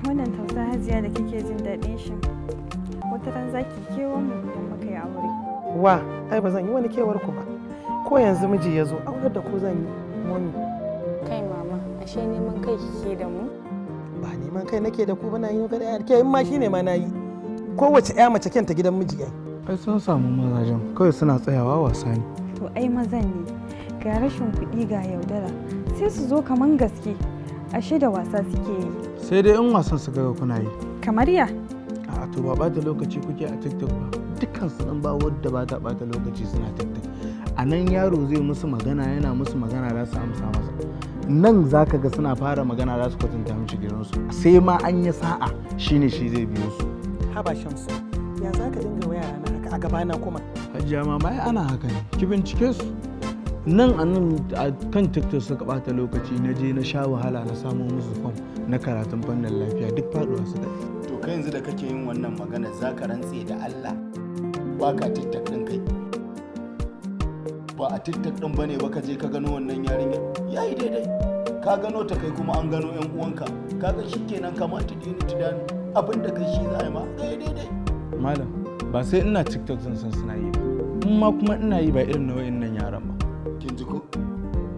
wannan tausa hajiya da kike jin daɗin shi wata ran zaki kewan mu idan muka yi aure wa ai ba zan yi wani kewar ku ba ko yanzu miji ya zo aure da ku zan yi mami kai mama ashe neman kai kike da mu ba neman kai nake da ku bana yi ka da ke in ma shine ma nayi kowace ƴa mace kenta gidan miji ai ai sun samu mazajen kawai suna tsayawa wasa ne to ai mazan ne ga rashin kuɗi ga yaudara sai su zo kaman gaske ashe da wasa suke yi sai dai in wasan su ga kuna yi kamar ya a to ba ɓata lokaci kuke a tiktok ba dukkan su ba wadda ba ta ɓata lokaci suna tiktok a nan yaro zai musu magana yana musu magana za su amsa masa nan za ka ga suna fara magana za su kwatanta mishi gidansu sai ma an yi sa'a shine shi zai biyo su haba shamsu ya za ka dinga waya na haka a gabana kuma hajiya ma mai ana haka ne ki bincike su nan a nan a kan tiktok suka bata lokaci na je na sha wahala na samu musu fam na karatun fannin lafiya duk faduwa su da to kai yanzu da kake yin wannan magana za ka rantse da allah baka tiktok ɗin kai ba a tiktok din bane ba ka je ka gano wannan Ya yi daidai ka gano ta kai kuma an gano yan uwanka kaga kenan kamar ta dini dani abin da kai shi za a yi ma kai daidai malam ba sai ina tiktok zan san suna yi ba in ma kuma ina yi ba irin na wayannan yaran ba kin ji ko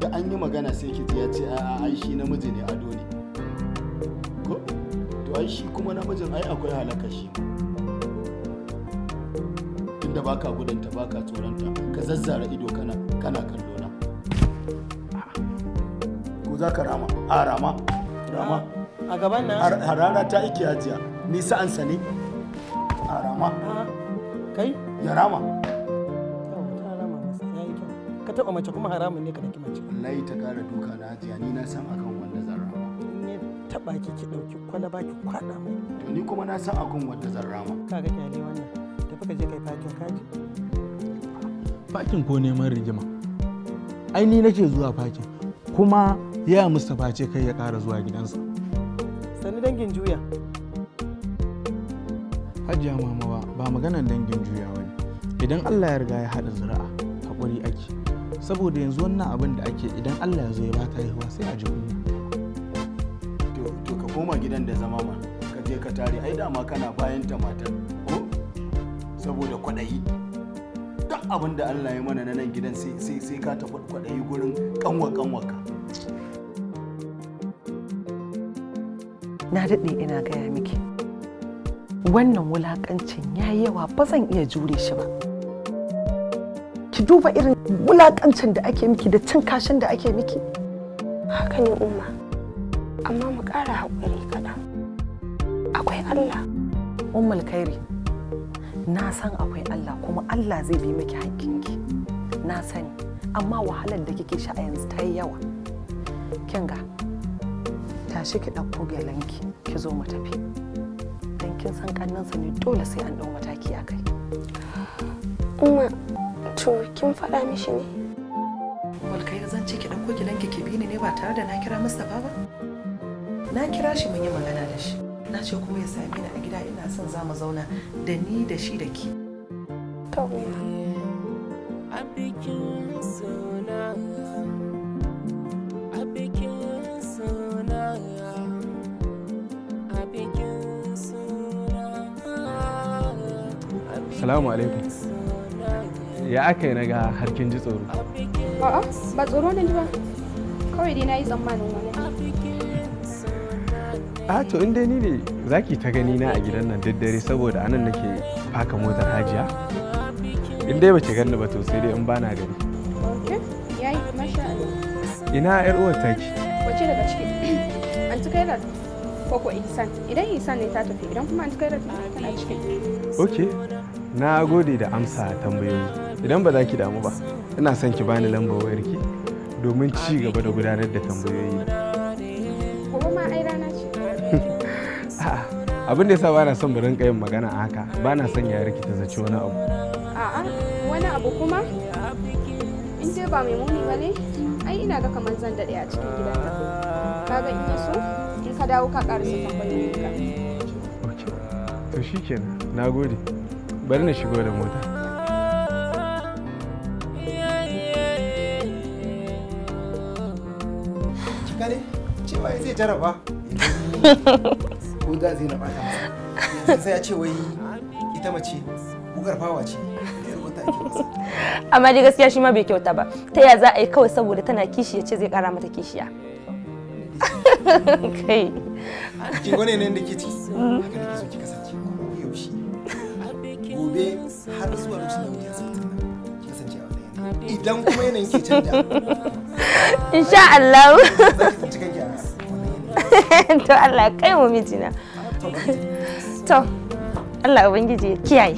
da an yi magana sai ki ji ya ce a ai shi namiji ne ado ne ko to ai shi kuma namijin ai akwai halaka shi tun da baka ta baka tsoronta ka zazzara ido kana kana kallo na ko za ka rama a rama rama a gaban nan harara ta iki ajiya ni an sani a rama kai ya rama ka taba mace kuma haramun ne ka daki mace wallahi ta kara duka na ajiya ni na san akan wanda zan rama taba ki ki dauki kwalaba ki kwada mai to ni kuma na san akan wanda zan rama kaga kyale wannan tafi je kai fakin kaji fakin ko neman rigima Aini ni nake zuwa fakin kuma ya mustapha ce kai ya ƙara zuwa gidansa sani dangin juya hajiya mamawa ba maganar dangin juya wani. idan allah ya riga ya haɗa zura'a haƙuri ake saboda yanzu wannan abin da ake idan allah ya zo ya bata haihuwa sai a ji to ka koma gidan da zama ma ka je ka tare ai dama kana bayan ta matar saboda kwaɗayi duk abin da Allah ya mana na nan gidan sai sai ka tafi kwaɗayi gurin kanwa kanwa ka na daɗe ina gaya miki wannan wulakancin ya yi yawa ba zan iya jure shi ba ki duba irin wulakancin da ake miki da cin kashin da ake miki haka ne umma amma mu ƙara haƙuri kaɗan akwai allah ummul khairi na san akwai Allah kuma Allah zai bi miki hakkinki na sani amma wahalar da kike sha a yanzu ta yi yawa kin ga tashi ki ɗauko gelanki ki zo mu tafi dan kin san sa ne dole sai an ɗau mataki a kai umma to kin faɗa mishi ne walkai zan ce ki ɗauko gelanki ki bi ni ne ba tare da na kira Mustapha ba na kira shi mun yi magana da shi na ce kuma ya same ni a gida ina son za mu zauna da ni da shi da ki Salamu alaikum. Ya aka yi na ga harkin ji tsoro? A'a, ba tsoro ne ba. Kawai dai na yi tsammanin wani. a to in dai ni ne zaki ta gani na a gidan nan daddare saboda anan nake faka motar hajiya in dai bace ganni ba to sai dai in bana gari yayi masha Allah ina yar uwar taki wace daga ciki an tuka yana ko ko ihsan idan ihsan ne ta tafi idan kuma an tuka yana tana ciki okay na gode da amsa tambayoyi idan ba za ki damu ba ina son ki bani lambar wayarki domin ci gaba da gudanar da tambayoyi abin da yasa bana son barin yin magana a haka bana son ya rikita zaci wani abu a'a wani abu kuma in dai ba mai muni ba ne ai ina ga kamar zan daɗe a cikin gidan ka kaga in so in ka dawo ka ƙarasa tambayoyin ka to shikenan nagode bari na shigo da mota cewa zai jaraba ko da zai na masa sai ya ce wai ita mace fawa ce amma dai gaskiya shi ma bai kyauta ba ta ya za a yi kawai saboda tana kishi zai kara mata kishiya kai ki gwane da haka so ki kasance ko yaushe gobe har zuwa da kasance a idan kuma yanayin ke canja Allah ki a to Allah kai mu mijina to Allah ubangiji ya kiyaye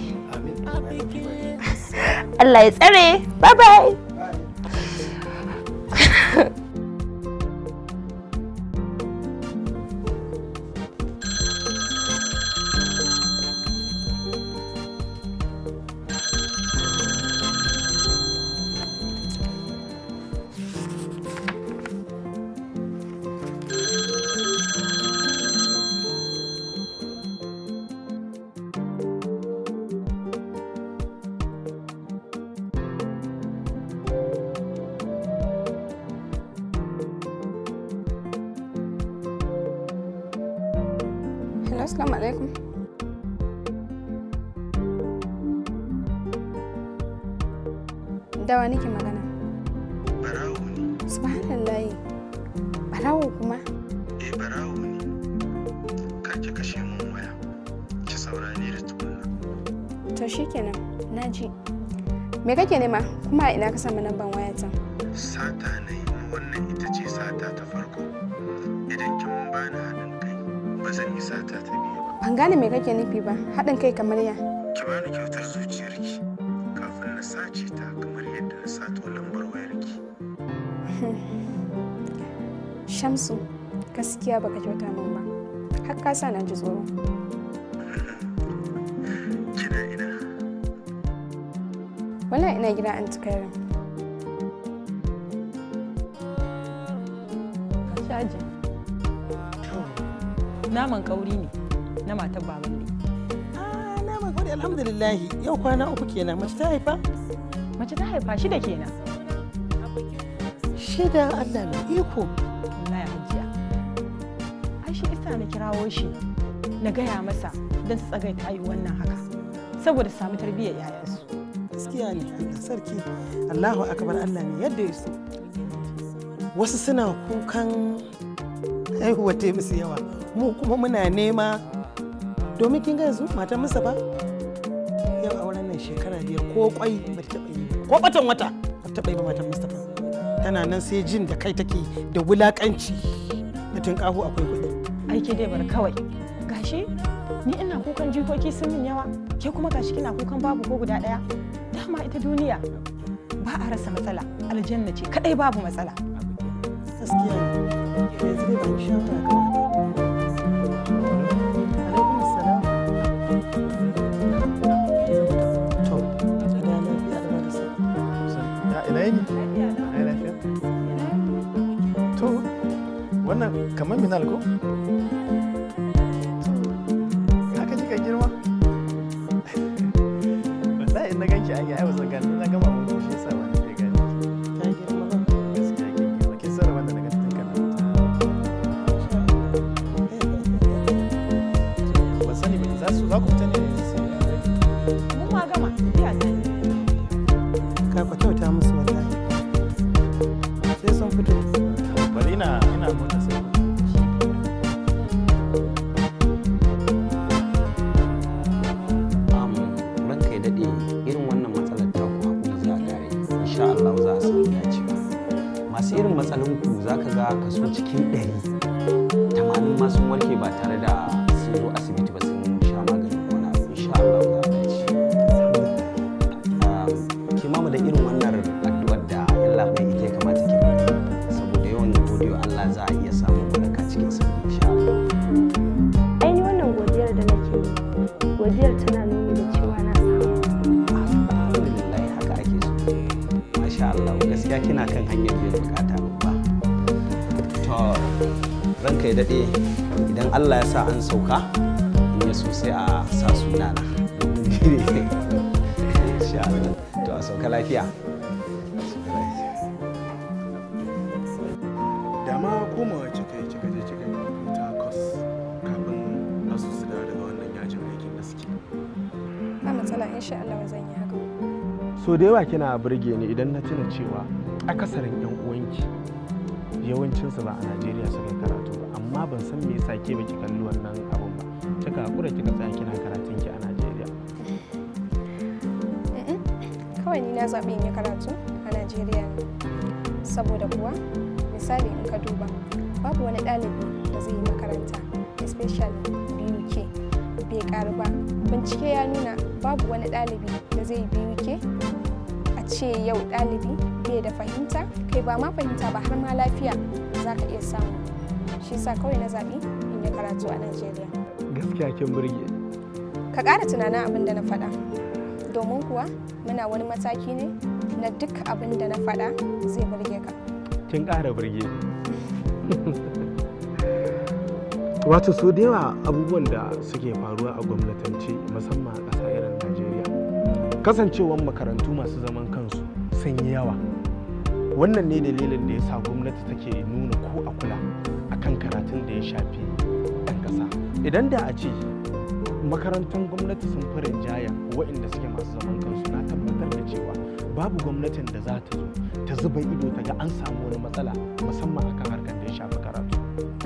Allah ya tsare bye bye ka samu waya wayata sata na wannan ita ce sata ta farko idan kin bani haɗin kai ba zan yi sata ta biyu ba ban gane me kake nufi ba haɗin kai kamar ya ki bani kyautar zuciyarki kafin na sace ta kamar yadda na sato lambar wayarki shamsu gaskiya baka kyauta min ba har ka sa na ji tsoro Wala ina gida an Karim. Shaji. Naman kauri ne na matar baban ne. Ah, naman kauri yau kwana uku kenan mace ta haifa? Mace ta haifa shida kenan. Shida Allah na iko. Allah ya hajiya. Ai kirawo shi na gaya masa don su tsagaita wannan haka saboda samu tarbiyyar yayansu. gaskiya ne Allah sarki Allahu akbar Allah ne yadda ya so wasu suna kukan aihuwa ta musu yawa mu kuma muna nema domin kin ga yanzu matan ba yau a wannan shekara biyar ko kwai ba ta taba yi ko batan wata ba ta yi ba matan Mustapha tana nan sai jin da kai take da wulakanci da tun kahu akwai kuɗi aiki dai bar kawai gashi ni ina kukan jikoki sun min yawa ke kuma gashi kina kukan babu ko guda daya dama ita duniya ba a rasa matsala aljanna ce kadai babu matsala gaskiya yanzu dai wannan kamar minal ko? sauka in ya so sai a sa suna na to a sauka lafiya dama komawa kika yi kika je kika rubuta kos kafin nasu su dawo daga wannan yajin aikin da suke ba matsala insha Allah zan yi haka so da yawa kina burge ni idan na tuna cewa akasarin yan uwanki yawancinsu ba a Najeriya suka karatu amma ban san me yasa ke baki kalli wannan abun ba cika hakura kika tsaya kina karatun ki a Najeriya kawai ni na zaɓi in karatu a Najeriya saboda kuwa misali in ka duba babu wani ɗalibi da zai yi makaranta especially BUK bai ƙaru ba bincike ya nuna babu wani ɗalibi da zai yi BUK a ce yau ɗalibi bai da fahimta kai ba ma fahimta ba har ma lafiya za ka iya samu shi sa kawai na zaɓi in yi karatu a najeriya gaskiya kin burge ka ƙara tunanin abin da na faɗa domin kuwa muna wani mataki ne na duk abin da na faɗa zai burge ka kin ƙara burge wato so da yawa abubuwan da suke faruwa a gwamnatance musamman a ƙasa irin najeriya kasancewar makarantu masu zaman kansu sun yi yawa wannan ne dalilin da ya sa gwamnati take nuna ko a kula batun da ya shafi ɗan ƙasa idan da a ce makarantun gwamnati sun fi rinjaya waɗanda suke masu zaman kansu na tabbatar da cewa babu gwamnatin da za ta zo ta zuba ido ta ga an samu wani matsala musamman akan harkar da ya shafi karatu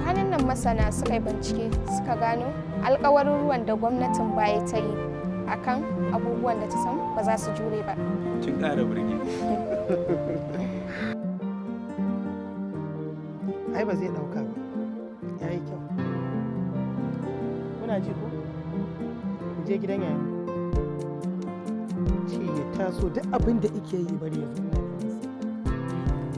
hannun nan masana suka yi bincike suka gano alkawarin ruwan da gwamnatin baya ta yi akan abubuwan da ta san ba za su jure ba cin ƙara ai ba zai ɗauka ba ce je gidan yayi ce ya taso duk abin da ike yi bari ya zo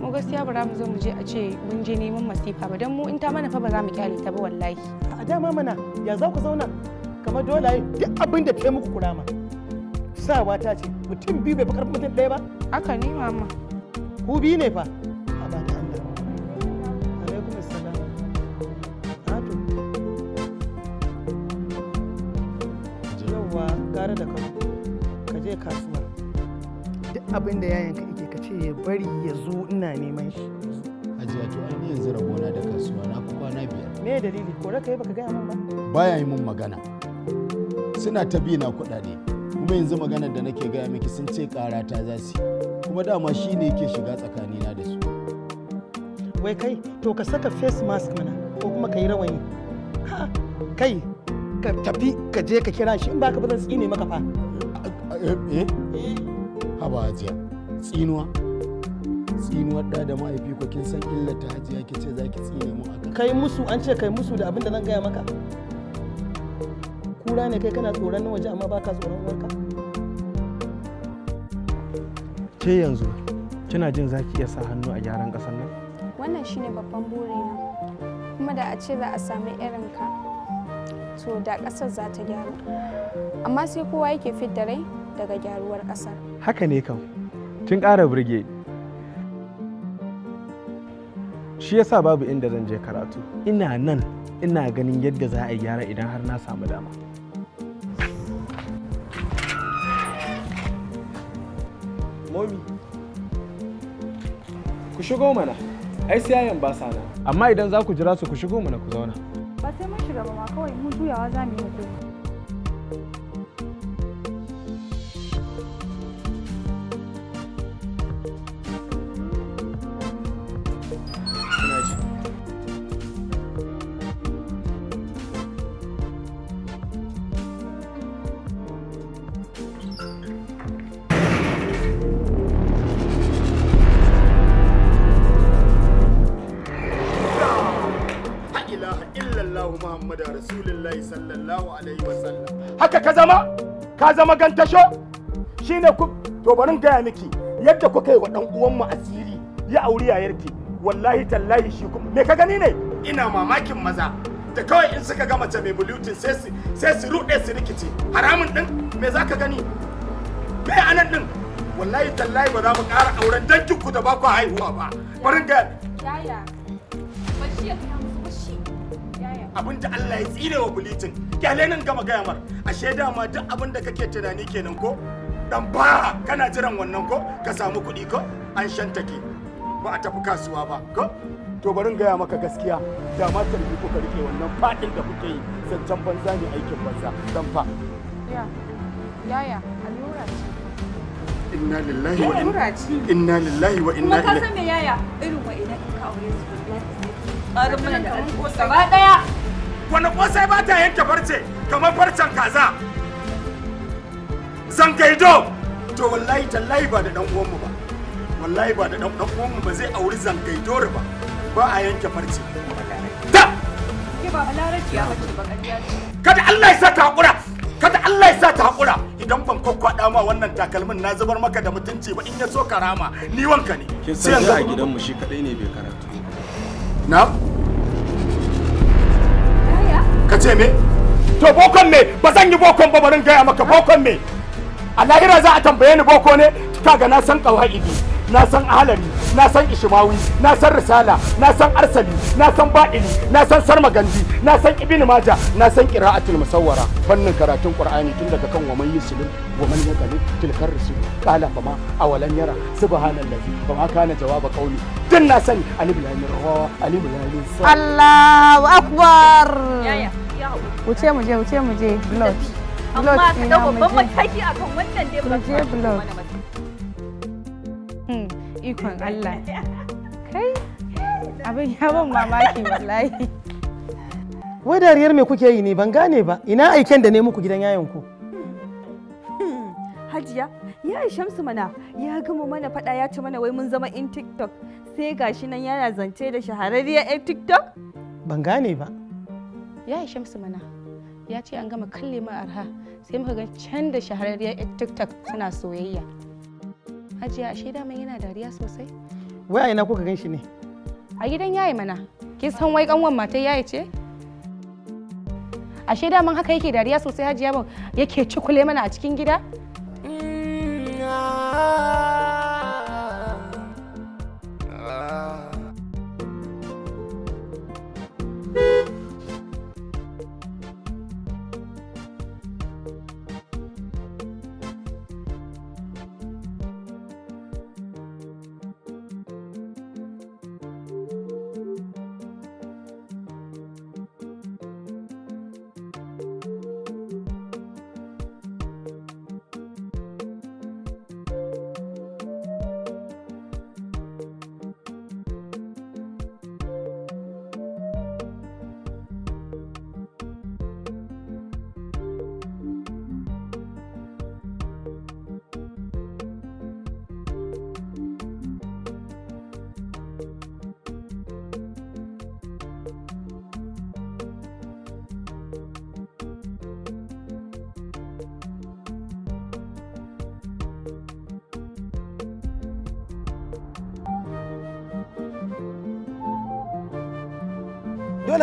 mu gaskiya ba za mu zo mu je a ce mun je neman masifa ba don mu in ta mana fa ba za mu kyale ta ba wallahi a dama mana ya za ku zauna kamar dole duk abin da ta muku kurama sawa ta ce mutum biyu bai fi karfin mutum ɗaya ba haka ni, mama ku biyu ne fa abin da yayanka yake ka ce ya bari ya zo ina neman shi hajiya to an yi yanzu rabona da kasuwa na ku kwana biyar me dalili ko raka yi baka gaya min ba baya yi min magana suna ta bi na kuɗaɗe kuma yanzu maganar da nake gaya miki sun ce karata za su kuma dama shi ne yake shiga tsakanina da su wai kai to ka saka face mask mana ko kuma ka yi rawani kai ka tafi ka je ka kira shi in baka ba zan tsine maka fa eh, eh? haba hajiya tsinuwa tsinuwar da da ma'aifi ko kin san ta hajiya ki ce zaki tsine mu aka kai musu an ce kai musu da abin da zan gaya maka kura ne kai kana tsoron na waje amma baka tsoron uwarka ke yanzu kina jin zaki iya sa hannu a gyaran kasar nan wannan shine babban burina kuma da a ce za a sami irin ka to da kasar za ta gyaru amma sai kowa yake fidda rai daga gyaruwar kasar haka ne kan. tun ƙara burge shi yasa babu inda zan je karatu ina nan ina ganin yadda za a yi gyara idan har na samu dama momi ku shigo mana ai siyayen ba sa nan amma idan za ku jira su ku shigo mana ku zauna ba sai mun shiga ba ma kawai mun juyawa za mu yi sallallahu alaihi wasallam haka ka zama ka zama gantasho shine ku to bari gaya miki yadda kuka yi wa dan mu asiri ya auri yayarki wallahi tallahi shi kuma me ka gani ne ina mamakin maza da kawai in suka ga mace mai bulutin sai su sai su rude su rikice haramun din me zaka gani me anan din wallahi tallahi ba za mu ƙara auren danginku da ba ku haihuwa ba bari gaya yaya ya abin da Allah ya tsire wa bulitin kyale nan gama gaya mar ashe ma duk abin da kake tunani kenan ko dan ba kana jiran wannan ko ka samu kuɗi ko an shantake ba a tafi kasuwa ba ko to barin gaya maka gaskiya da ma tarbi ka rike wannan fadin da kuke yi zancen banza ne aikin banza dan fa ya yaya ya alura inna lillahi wa inna inna lillahi wa inna ilaihi kuma ka san me yaya irin wa idan ka aure su wallahi ƙarin mana da alƙosa ba daya wani kosai ba ta yanke farce kamar farcen kaza zan kai do to wallahi tallahi ba da dan uwanmu ba wallahi ba da dan uwanmu ba zai auri zan kai do ba ba a yanke farce da ke ba balaraci ya bace ba kariya kada Allah ya sa ta hakura kada Allah ya sa ta hakura idan ban kwakwada ma wannan takalmin na zubar maka da mutunci ba in ya so karama ni wanka ne sai yanzu a gidan mu shi kadai ne bai karatu na ka ce me to bokon me ba zan yi bokon ba barin gaya maka bokon me a lahira za a tambaye ni boko ne ga na san kawaidi na san alami. na san Ishimawi na san Risala na san Arsali na san Ba'ili na san Sarmagandi na san Ibn Maja na san Qira'atul Musawwara fannin karatun Qur'ani tun daga kan waman yuslim waman yaqali tilkar rusul qala fama awalan yara subhanallahi fama kana jawaba qawli din na sani alif lam ra alif lam Allahu akbar yaya wuce mu je wuce mu je blood blood amma ka dawo babban mataki akan wannan dai blood hmm. ikon Allah kai abin ya ban mamaki wallahi wai dariyar me kuke yi ne ban gane ba ina aiken da ne muku gidan yayan ku hmm, hajiya ya shamsu mana ya gama mana fada ya ci mana wai mun zama in tiktok sai gashi nan yana zance da shahararriyar yan tiktok ban gane ba ya shamsu mana ya ce an gama kalle arha sai muka ga can da shahararriyar yan tiktok suna soyayya Hajiya ashe daman yana dariya sosai? Wai ina kuka gan shi ne? A gidan yayi mana. Kin san wai kanwan matar yayi ce? Ashe daman haka yake dariya sosai Hajiya yake cikule mana a cikin gida? Mm, ah.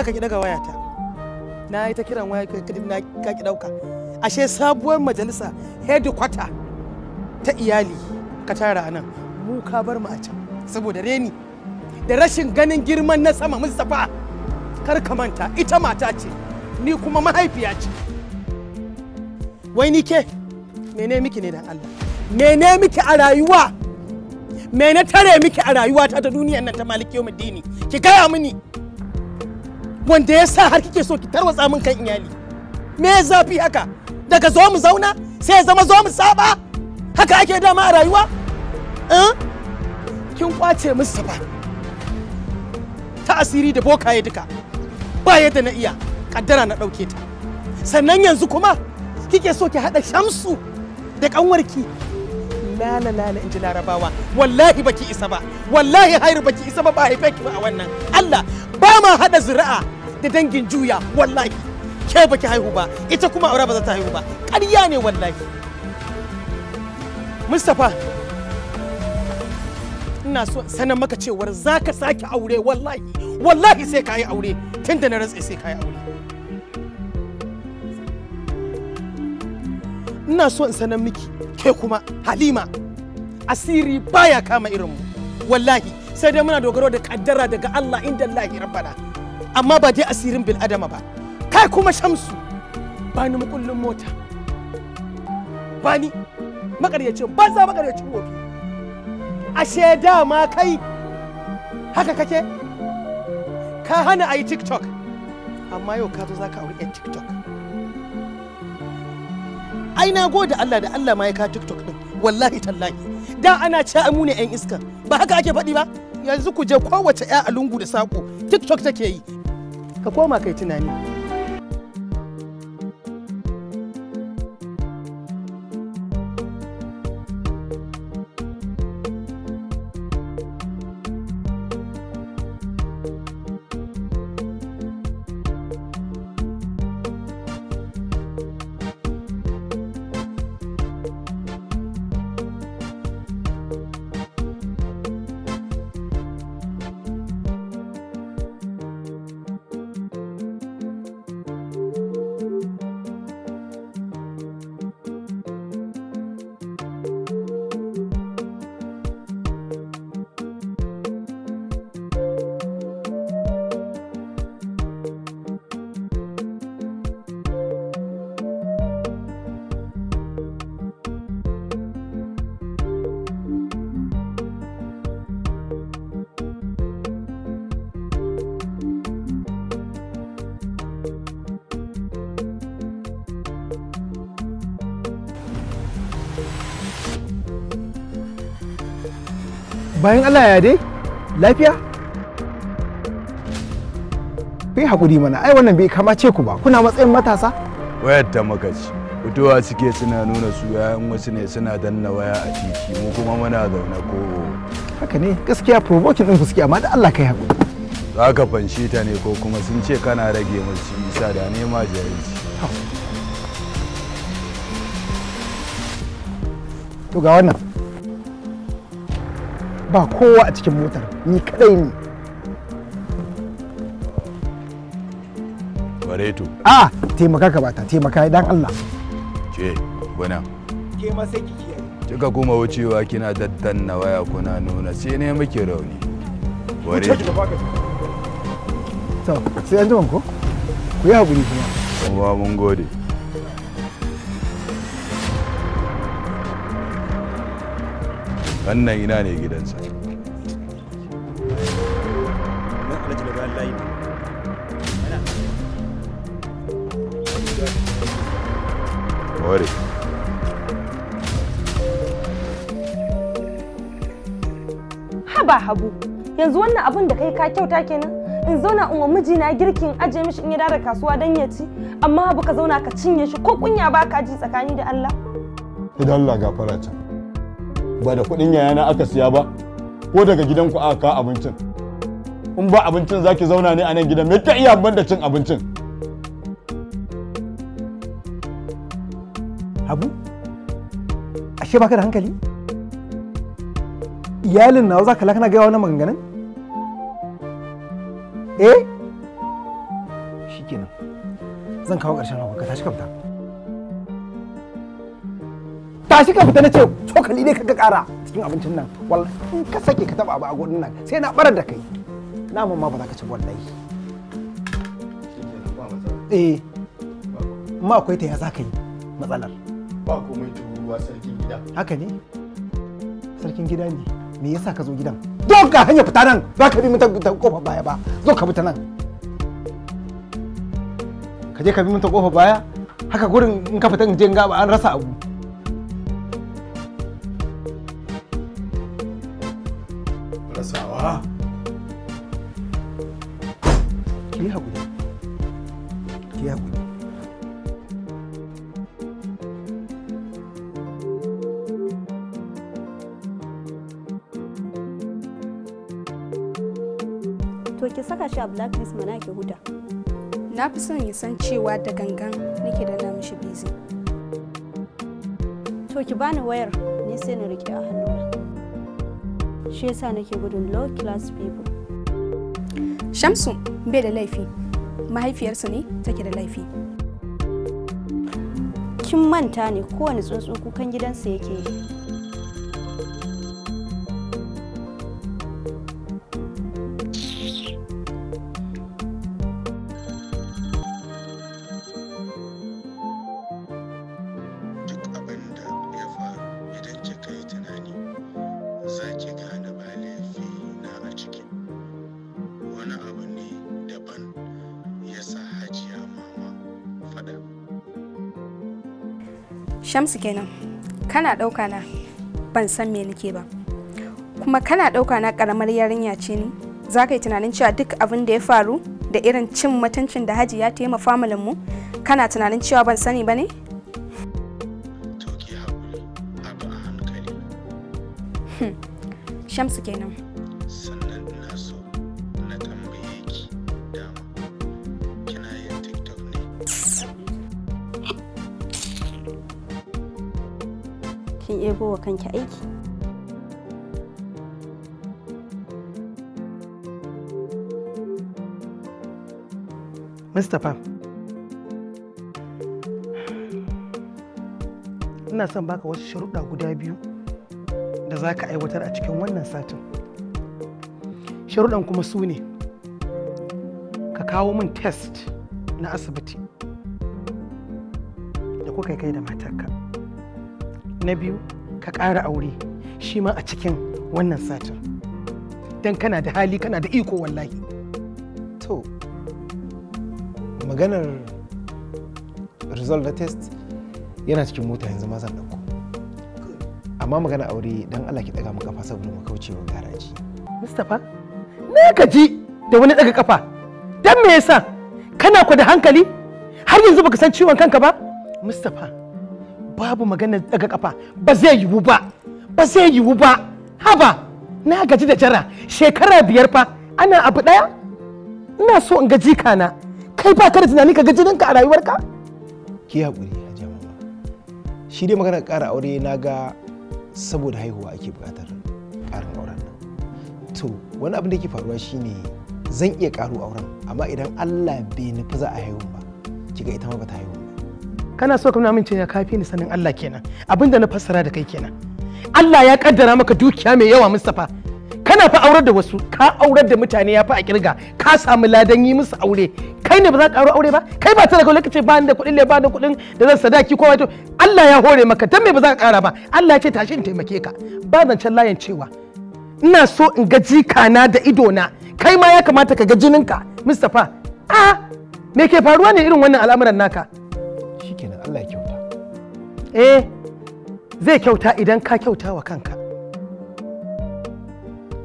Ka ki daga wayata na yi ta kiran waya na ki dauka ashe sabuwar majalisa headquarter ta iyali ka tara anan mu ka bar mu a can saboda reni da rashin ganin girman na sama Mustapha kar ka manta ita mata ce ni kuma mahaifiya ce wai ni ke mene miki ne dan Allah mene miki a rayuwa mene tare miki a rayuwa ta duniyar nan ta maliki yawmiddini ki gaya mini wanda ya sa har kike so ki tarwatsa min kan iyali me zafi haka daga zo mu zauna sai ya zama zo mu saba haka ake dama a rayuwa eh? kin kwace musu saba ta asiri da ya duka ba yadda na iya kaddara na ɗauke ta sannan yanzu kuma kike so ki haɗa shamsu da ƙanwarki lala lala in ji larabawa wallahi baki isa ba wallahi hairu baki isa ba ba haife ki ba a wannan Allah ba ma hada zuri'a da dangin juya wallahi ke baki haihu ba ita kuma aure ba za ta haihu ba ƙarya ne wallahi Mustapha ina so sanan maka cewar za ka sake aure wallahi wallahi sai ka yi aure tunda na rantse sai ka yi aure ina so in sanan miki ke kuma halima asiri baya kama irin irinmu wallahi sai dai muna dogaro da kaddara daga Allah inda lahi rabbana amma ba dai asirin bil adama ba kai kuma shamsu ba ni mukullin mota ba ni makaryacin za makaryacin wofi ashe ma kai haka kake ka hana a yi tiktok amma yau ka zo za ka auri 'yan tiktok ai na gode Allah da Allah ma ya ka TikTok din wallahi tallahi da ana ce mu ne yan iska ba haka ake faɗi ba yanzu ku je kowace 'ya a lungu da sako TikTok take yi ka koma kai tunani bayan Allah ya dai lafiya kai hakuri haƙuri mana ai wannan bai kamace ku ba kuna matsayin matasa wayar da makaci fitowa suke suna nuna su yayan wasu ne suna danna waya a titi mu kuma muna zaune ko haka ne gaskiya provoking din ku suke amma da Allah kai haƙuri za ka fanshi ta ne ko kuma sun ce kana rage musu isa da nema jahilci to ga wannan ba kowa a cikin motar ni kadai ne bareto a taimaka ka bata taimaka dan Allah ke gwana ke ma sai ki kiyaye kika kuma wucewa kina daddanna waya kuna nuna sai ne muke rauni bare to sai an ko ku yi hakuri kuma kuma mun gode wannan ina ne gidansa Haba habu, yanzu wannan abin da kai ka kyauta kenan. In zauna in wa mijina girkin aje mishi in ya dara kasuwa don ya ci, amma habu ka zauna ka cinye shi ko kunya ba ka ji tsakani da Allah. Idan Allah gafara ta. ba da kuɗin yayana aka siya ba ko daga gidanku aka kawo abincin in ba abincin zaki zauna ne a nan gidan me ka iya ban da cin abincin habu ashe baka da hankali iyalin nawa za ka lakana gaya wani maganganun eh shikenan zan kawo ƙarshen hawa ka tashi ka tashi ka fita na ce cokali ne ka kara cikin abincin nan wallahi in ka sake ka taba abu a gudun nan sai na barar da kai naman ma ba za ka ci wallahi eh ma akwai ta ya za ka yi matsalar ba komai turuwa sarkin gida haka ne sarkin gida ne me yasa ka zo gidan don ka hanya fita nan za ka bi mu ta kofa baya ba zo ka fita nan ka je ka bi mu ta kofa baya haka gurin in ka fita in je in gaba an rasa abu black mana ki huta na fi son ya san cewa da gangan nake da na mishi busy to ki bani wayar ni sai na rike a hannu shi yasa nake gudun low class people shamsu bai da laifi mahaifiyarsa ne take da laifi kin manta ne kowane tsuntsu kukan gidansa yake yi Shamsu kenan kana ɗauka na ban san me nake ba kuma kana ɗauka na ƙaramar yarinya ce ni za ka yi tunanin cewa duk abin da ya faru da irin cin mutuncin da haji ya taima familin mu kana tunanin cewa ban sani ba ne? Hmm. Shamsu kenan. ɗebo wa kanki aiki mustapha ina son baka wasu sharuɗa guda biyu da za ka aiwatar a cikin wannan satin sharuɗan kuma su ne ka kawo min test na asibiti da kuka kai da matarka na biyu ka ƙara aure shi ma a cikin wannan satin don kana da hali kana da iko wallahi to maganar result test yana cikin mota yanzu ma zan ɗauko amma magana aure don allah ki ɗaga mu kafa saboda mu wa garaji mustapha na ji da wani ɗaga kafa don me yasa kana ku da hankali har yanzu baka san ciwon kanka ba mustapha babu maganar daga kafa ba zai yiwu ba ba zai yiwu ba haba na gaji da jara shekara biyar fa ana abu daya ina so in ga jika na kai ba ka da tunani ka ga ka a rayuwarka ki hakuri hajiya mama shi dai maganar ƙara aure na ga saboda haihuwa ake buƙatar ƙarin auren nan to wani abin da ke faruwa shine zan iya ƙaro auren amma idan Allah bai nufi za a haihu ba kiga ita ma bata haihu kana so ka nuna min cewa kafi ni sanin Allah kenan abinda na fassara da kai kenan Allah ya kaddara maka dukiya mai yawa Mustapha kana fa aurar da wasu ka aurar da mutane ya fa a kirga ka samu ladan yi musu aure kai ne ba za ka aure aure ba kai ba talaka lokaci ba da kuɗin le ba da kuɗin da zan sadaki ko wato Allah ya hore maka dan me ba za ka kara ba Allah ya ce tashi in taimake ka ba zancen layin cewa ina so in ga jikana da idona kai ma ya kamata ka ga jininka mustafa a me ke faruwa ne irin wannan al'amuran naka eh zai kyauta idan ka kyauta wa kanka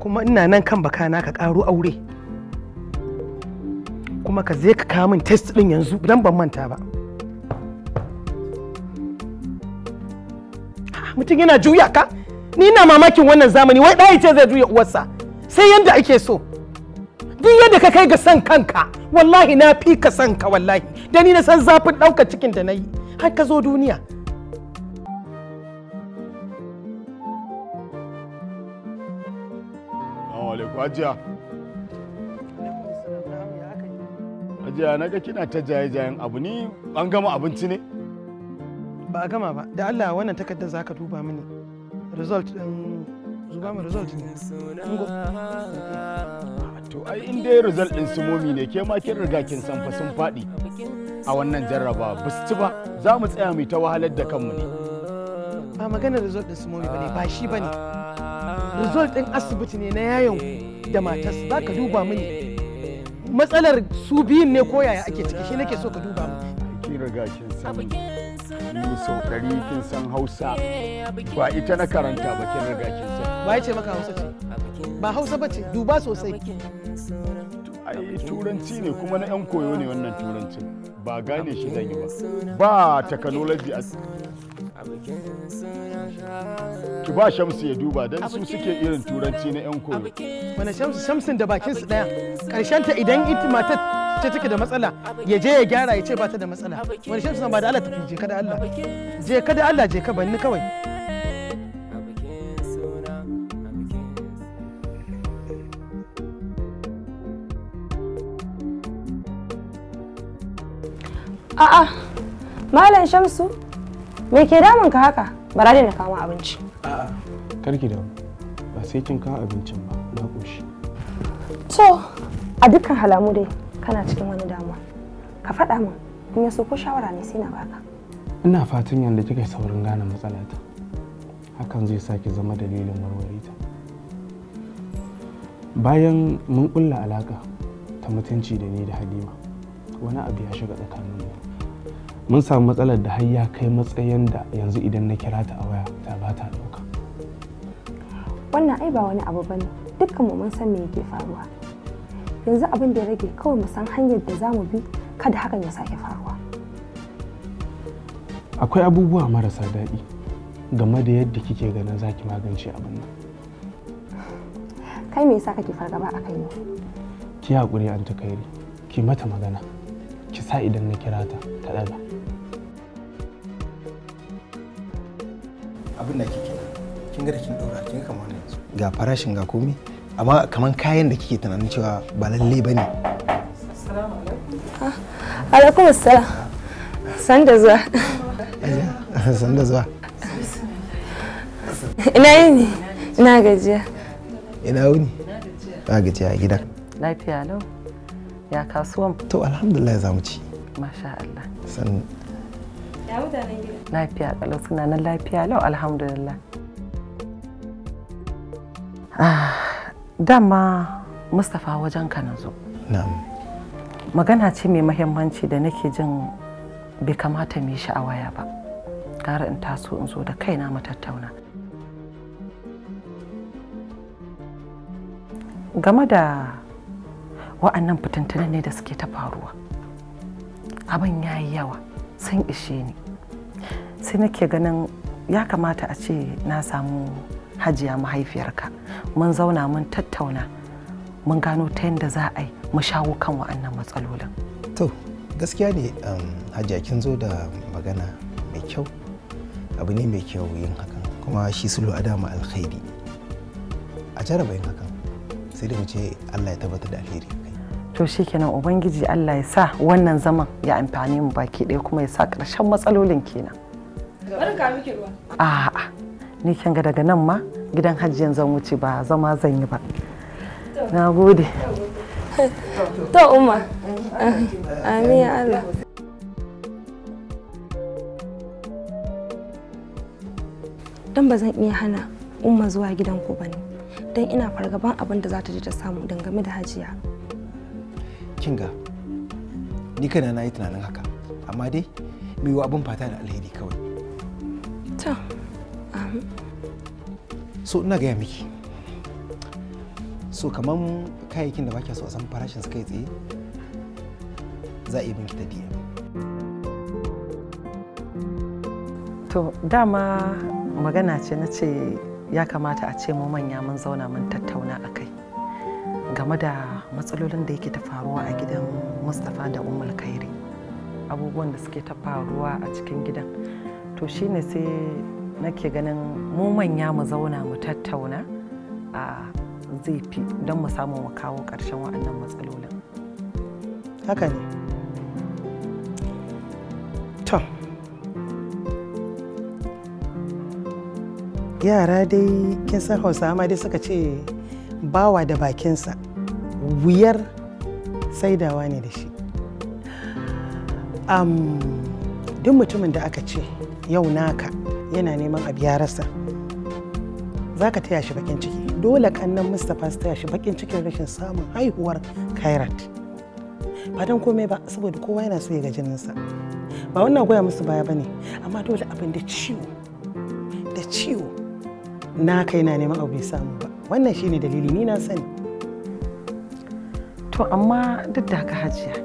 kuma ina nan kan baka na ka karo aure kuma ka zai ka kamun test din yanzu dan ban manta ba mutum yana juya ka ni ina mamakin wannan zamani wai dayace ce zai juya uwarsa sai yadda ake so duk yadda ka kai ga san kanka wallahi na fi ka san ka wallahi da ni na san zafin ɗaukar cikin da na yi har ka zo duniya Ajiya. Ajiya na ga kina ta jaye-jayen abu ni an gama abinci ne? Ba a gama ba, da Allah wannan takarda za ka duba mini. Result ɗin zuba mu result ne. To ai in dai result ɗin simomi ne ke ma kin riga kin san fa sun faɗi a wannan jarraba ba su ci ba za mu tsaya mu ta wahalar da kanmu ne. Ba maganar result ɗin simomi ba ne ba shi ba ne. Result ɗin asibiti ne na yayan ku. da matas za ka duba mini matsalar su biyun ne ko yaya ake ciki shi nake so ka duba mini ki riga kin san ni sau kari kin san hausa ba ita na karanta ba kin riga kin san ba ya ce maka hausa ce ba hausa ba ce duba sosai ai turanci ne kuma na yan koyo ne wannan turancin ba gane shi zan yi ba ba technology ki ba shamsu ya duba don su suke irin turanci na 'yan koyo wani shamsu shamsun da bakin su daya karshen ta idan ita mata ce take da matsala ya je ya gyara ya ce ba ta da matsala wani shamsu na ba da Allah tafi je kada Allah je kada Allah je ka banni kawai a'a malam shamsu me ke damun ka haka bara dai na kama abinci a'a ki da ba sai kin kawo abincin ba na koshi to a dukkan halamu dai kana cikin wani damuwa ka faɗa min in ya so ko shawara ne sai na baka ina fatan yanda kika saurin gane matsalata hakan zai saki zama dalilin warware ta bayan mun kulla alaka ta mutunci da ni da halima wani abu ya shiga tsakaninmu mun samu matsalar da har ya kai matsayin da yanzu idan na kira ta a waya ta ba ta ɗauka wannan ai ba wani abu bane dukkan mu mun san me yake faruwa yanzu abin da ya rage kawai mu san hanyar da za mu bi kada hakan ya sake faruwa akwai abubuwa marasa daɗi game da yadda kike ganin zaki magance abin nan kai me yasa kake fargaba a kai ne ki haƙuri an ta kairi ki mata magana ki sa idan na kira ta ta ɗaga abin da ke kenan kin ga da kin daura kin kama ne ga farashin ga komai amma kaman kayan da kike tunanin cewa ba lalle bane assalamu alaikum ah, alaikum assalam san da zuwa san da zuwa ina yini ina gajiya ina wuni ina gajiya gida lafiya lau ya kasuwan to alhamdulillah za mu ci masha Allah san Lafiya kalau suna nan lafiya lau alhamdulillah. Dama Mustapha wajen ka na zo. Magana ce mai mahimmanci da nake jin bai kamata mu yi shi a waya ba. Gara in taso in zo da kaina mu tattauna. Game da wa'annan fitintunan ne da suke ta faruwa. Abin ya yi yawa sun ishe ni. sai nake ganin ya kamata a ce na samu hajiya mahaifiyarka mun zauna mun tattauna mun gano ta yadda za a yi mu shawo kan wa'annan matsalolin to gaskiya ne um, hajiya kin zo da magana mai kyau abu ne mai kyau yin hakan kuma shi sulhu adama alkhairi a jaraba yin hakan sai da ce allah ya tabbatar da alheri to shi kenan ubangiji allah ya sa wannan zaman ya amfani mu baki ɗaya kuma ya sa ƙarshen matsalolin kenan A'a, ni kin ga daga nan ma gidan hajji zan wuce ba zama zan yi ba. Na gode. To Umma. Amin ya Allah. Dan ba zan iya hana Umma zuwa gidanku ba ne. Dan ina fargaban abin da za ta je ta samu dangane da hajiya. Kinga, ni kana na yi tunanin haka, amma dai mai abin fata da alheri kawai. To, So ina gaya miki. So kamar kayayyakin da baki so a san farashin su kai tsaye za a iya binki ta DM. To dama magana ce na ce ya kamata a ce mu manya mun zauna mun tattauna a kai game da matsalolin da yake ta faruwa a gidan Mustapha da umar Kairi. Abubuwan da suke ta faruwa a cikin gidan. to shine sai nake ganin mu manya mu zauna mu tattauna a zai fi don mu samu mu kawo ƙarshen waɗannan matsalolin haka ne to yara dai kin san hausa ma dai suka ce bawa da bakinsa wuyar saidawa ne da shi um, duk mutumin da aka ce yau naka yana neman abu ya rasa za ka taya shi bakin ciki dole kannan mustapha su taya shi bakin cikin rashin samun haihuwar kairat ba don komai ba saboda kowa yana so ya ga jininsa ba wannan goya musu baya ba ne amma dole abin da ciwo da ciwo naka yana neman abu ya samu ba wannan shine dalili ni na sani to amma duk da haka hajiya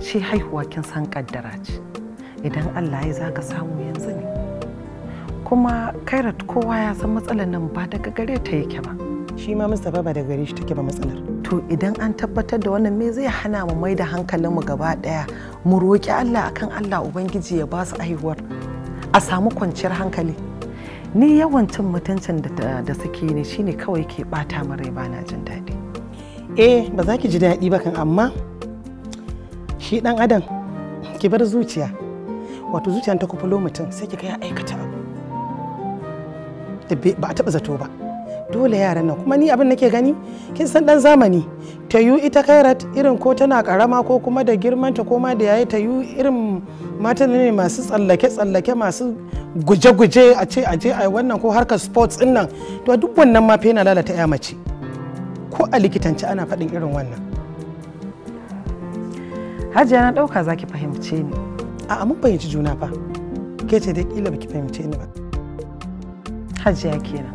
shi haihuwa kin san kaddara ce idan Allah ya za ka samu yanzu ne kuma kairat kowa ya san matsalar nan ba daga gare ta yake ba shi ma Mustapha ba daga gare shi take ba matsalar to idan an tabbatar da wannan me zai hana mu mai da hankalinmu gaba daya mu roki Allah akan Allah ubangiji ya ba su aihuwar a samu kwanciyar hankali ni yawancin mutuncin da suke ne shine kawai ke bata min rai ba na jin daɗi eh ba za ki ji daɗi ba kan amma shi ɗan adam ki bar zuciya wato zuciya ta kufulo mutum sai kika ya aikata abu ba a taba zato ba dole yaran nan kuma ni abin nake gani kin san dan zamani ta yu ita kairat irin ko tana karama ko kuma da girmanta ko ma da yayi ta yu irin matan ne masu tsallake tsallake masu guje guje a ce a aje ai wannan ko harkar sports din nan to duk wannan ma fa yana lalata ya mace ko a likitanci ana faɗin irin wannan Hajiya na ɗauka zaki fahimce ni. a'a mun fahimci juna fa ke ce dai kila baki fahimce ni ba hajiya kenan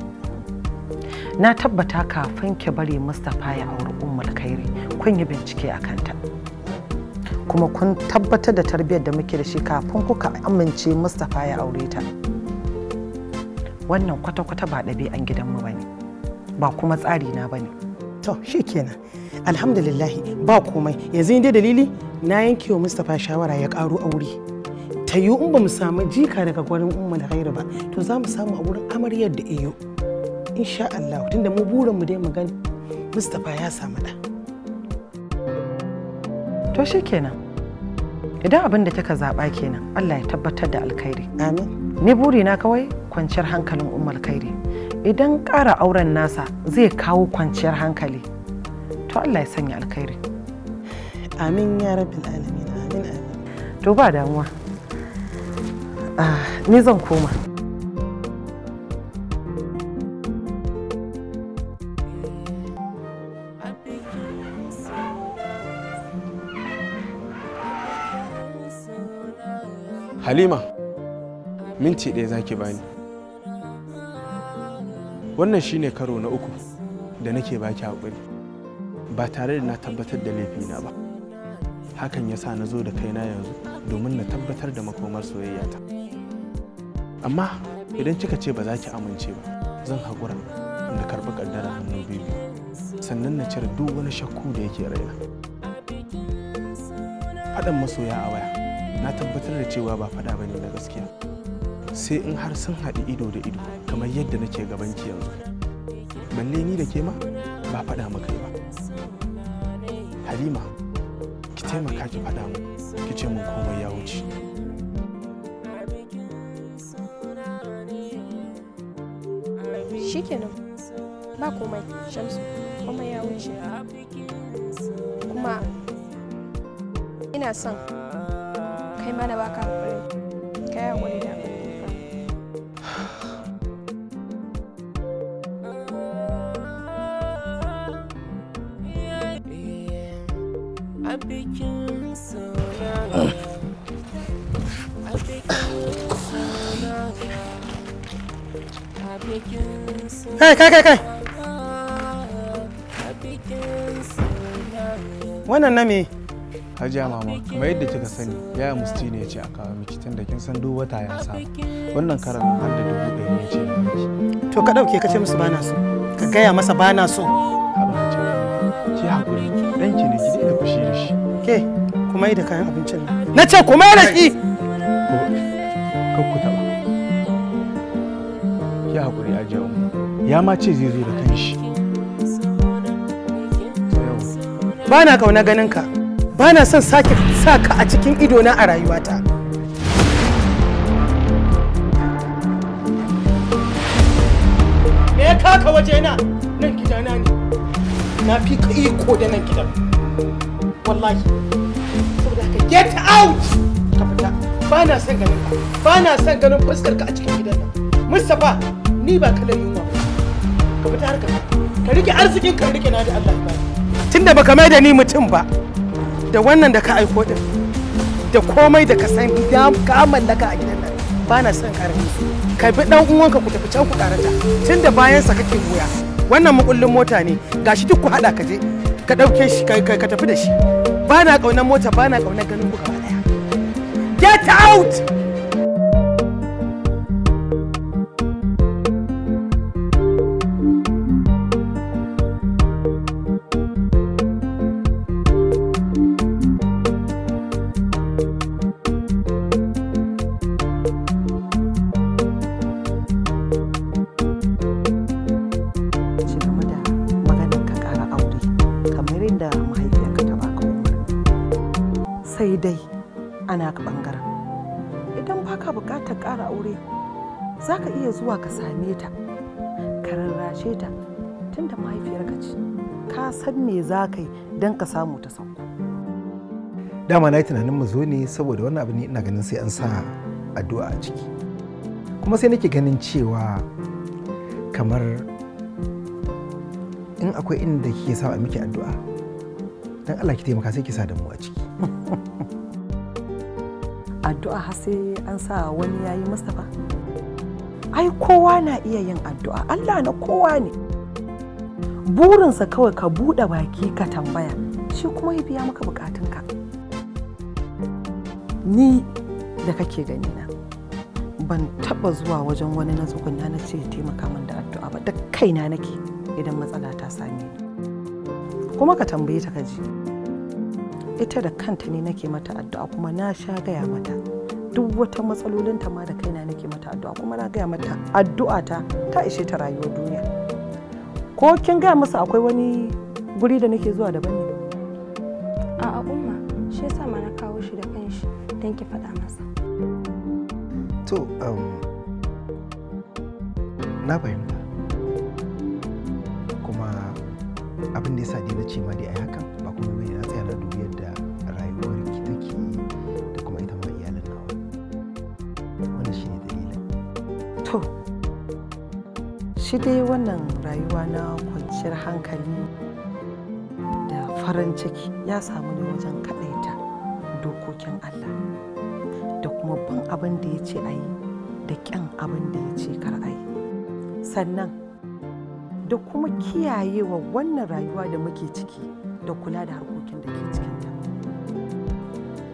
na tabbata kafin ki bari mustapha ya auri ummul khairi kun yi bincike a kanta kuma kun tabbatar da tarbiyyar da muke da shi kafin kuka amince mustapha ya aure ta wannan kwata-kwata ba ɗabi'an gidanmu ba ne ba kuma tsari na ba ne to shi kenan alhamdulillahi ba komai yanzu inda dalili na yanke wa mustapha shawara ya ƙaro aure ta yiwu in ba mu samu jika daga gurin umma da khairu ba to za mu samu a wurin amaryar da iyo insha Allah tunda mu burin mu dai magani gani Mustapha ya samu da to shikenan idan abin da kika zaba kenan Allah ya tabbatar da alkhairi amin ni buri na kawai kwanciyar hankalin ummar khairi idan ƙara auren nasa zai kawo kwanciyar hankali to Allah ya sanya alkhairi amin ya rabbil alamin amin amin to ba damuwa Ah, ni zan koma halima minti ɗaya zaki bani wannan shine karo na uku da nake baki haƙuri ba tare da na tabbatar da laifina ba hakan ya sa na zo da kaina yanzu domin na tabbatar da makomar soyayyata. ta amma idan kika ce ba za ki amince ba zan haƙura da karɓi ƙaddara hannu biyu sannan na cire duk wani shakku da yake raina faɗan masoya a waya na tabbatar da cewa ba faɗa ne na gaskiya sai in har sun haɗi ido da ido kamar yadda nake gaban ki yanzu balle ni da ke ma ba faɗa maka ba halima ki taimaka ki faɗa mu ki ce mun komai ya wuce shikenan ba komai shamsu komai ya wuce kuma ina son kai ma na baka hakuri kai wani da bikin kai kai kai kai wannan na me hajiya mama kamar yadda kika sani yaya musti ne ya ce a kawo miki tunda kin san duk wata ya sa wannan karan har da dubu ɗaya ne ce to ka ɗauke ka ce musu bana so ka gaya masa bana so ki hakuri dan ki ne ki da fushi da shi ke kuma yi da kayan abincin nan na ce kuma yi da ki Ko, ku taɓa hakuri a jawo ya ma ce zai zo da kanshi ba na kauna ganin ka ba na son sake sa ka a cikin idona a rayuwata me ya kaka wajena nan gidana ne na fi ka ko da nan gidan wallahi saboda ka get out ka fita ba na son ganin ka ba na son ganin fuskar ka a cikin gidan nan mustapha ni ba kalan yunwa ka fita harka ka rike arzikin ka rike na da Allah ba tunda baka mai da ni mutum ba da wannan da ka aiko din da komai da ka san da ka mallaka a gidan nan ba na son su ka bi dan uwanka ku tafi can ku karata tunda bayan sa kake goya wannan makullin mota ne gashi duk ku hada ka je ka dauke shi ka tafi da shi ba na kaunar mota ba na kaunar ganin ku gaba daya get out zuwa ka same ta ka rarrashe ta tunda mahaifiyarka ce ka san me za ka yi don ka samu ta sauko dama na yi tunanin mu zo ne saboda wannan abu ne ina ganin sai an sa addu'a a ciki kuma sai nake ganin cewa kamar in akwai inda kike sa a miki addu'a dan Allah ki taimaka sai ki sa da mu a ciki addu'a har sai an sa wani yayi Mustapha ai kowa na iya yin addu'a Allah na kowa ne burinsa kawai ka buɗe baki ka tambaya shi kuma ya biya maka bukatunka ni da kake gani na ban taba zuwa wajen wani na tsugunna na ce taimaka min da addu'a ba da kaina nake idan matsala ta same ni kuma ka tambaye ta kaji ita da kanta ne nake mata addu'a kuma na sha gaya mata duk wata matsalolin ta ma da kaina nake mata addu'a kuma na gaya mata addu'a ta ta ishe ta rayuwar duniya ko kin gaya masa akwai wani guri da nake zuwa daban ne a umma shi yasa ma na kawo shi da kanshi don ki faɗa masa to um, na fahimta kuma abin da yasa dai na ce ma dai yi hakan shi dai wannan rayuwa na kwanciyar hankali da farin ciki ya samu ne wajen kaɗaita dokokin Allah da kuma ban abin da ya ce a yi da ƙyan abin da ya ce kar a yi sannan da kuma kiyayewa wannan rayuwa da muke ciki da kula da harkokin da ke cikinta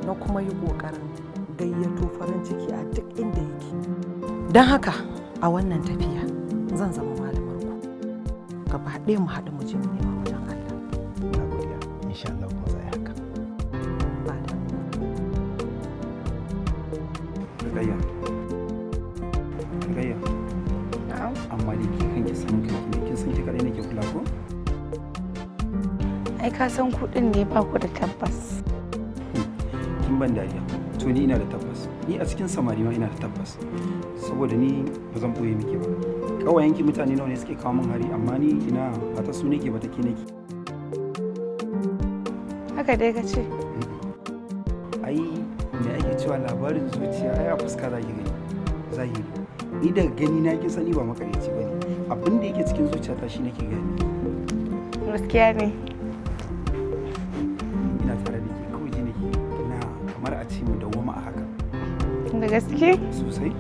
na kuma yi ƙoƙarin gayyato farin ciki a duk inda yake don haka a wannan tafiya zan zama malamar ku gaba ɗaya mu haɗu mu je mu nema wajen Allah na godiya insha Allah kuma za a haka ba da gayya gayya na'am amma ni ke kan ki san kanki kin san ki kadai nake kula ko ai ka san kudin ne ba ku da tabbas kin ban dariya to ni ina da tabbas ni a cikin samari ma ina da tabbas saboda ni ba zan boye miki ba ƙawayenki mutane nawa ne suke kawo min hari amma ni ina fata ta su nake ba ta ke nake haka dai ka ce mm-hmm. ai me ake cewa labarin zuciya ai a fuska za gani zahiri ni daga gani na ki sani ba makareci ba ne abin da yake cikin zuciya ta shi nake gani gaskiya ne ina tare da ke kawai ji nake ina kamar a ce mu dawoma a haka da gaske sosai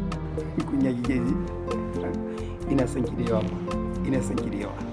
kunya kike ji ina son ki da yawa ina son ki da yawa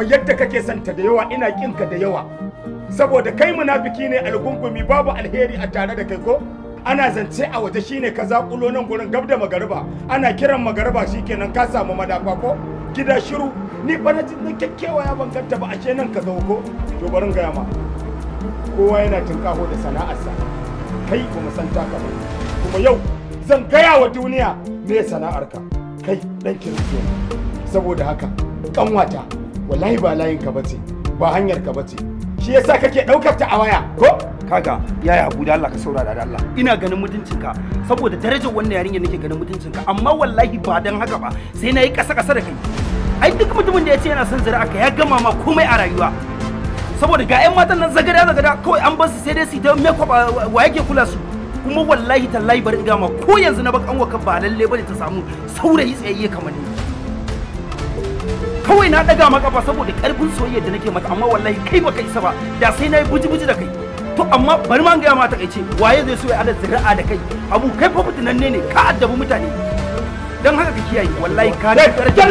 kamar yadda kake santa da yawa ina kinka da yawa saboda kai munafiki ne algungumi babu alheri a tare da kai ko ana zance a waje shine ka zakulo nan gurin gab da magariba ana kiran magariba shikenan ka samu madafa ko gida shiru ni bana jin kyakkyawa ya banganta ba ashe nan ka ko to barin gaya ma kowa yana tinkaho da sana'arsa kai ba mu san taka kuma yau zan gaya wa duniya me sana'arka kai dan kirki saboda haka kanwata wallahi ba layin ka bace ba hanyar ka bace shi yasa kake daukar ta a waya ko kaga yaya guda Allah ka saura da Allah ina ganin mutuncinka saboda darajar wannan yarinya nake ganin mutuncinka amma wallahi ba dan haka ba sai nayi kasa kasa da kai ai duk mutumin da ya yana son zira aka ya gama ma komai a rayuwa saboda ga 'yan matan nan zagada zagada kawai an basu sai dai su da make wa yake kula su kuma wallahi tallahi bari in gama ko yanzu na bakan wa ka ba lalle bane ta samu saurayi tsayayye kamar ni kawai na daga maka ba saboda karfin soyayya da nake mata amma wallahi kai baka isa ba da sai nayi buji-buji da kai to amma bari ma gaya mata kai ce waye zai so ya ada zira'a da kai abu kai fa fitinanne ne ka addabi mutane dan haka ka kiyaye wallahi ka ne daraja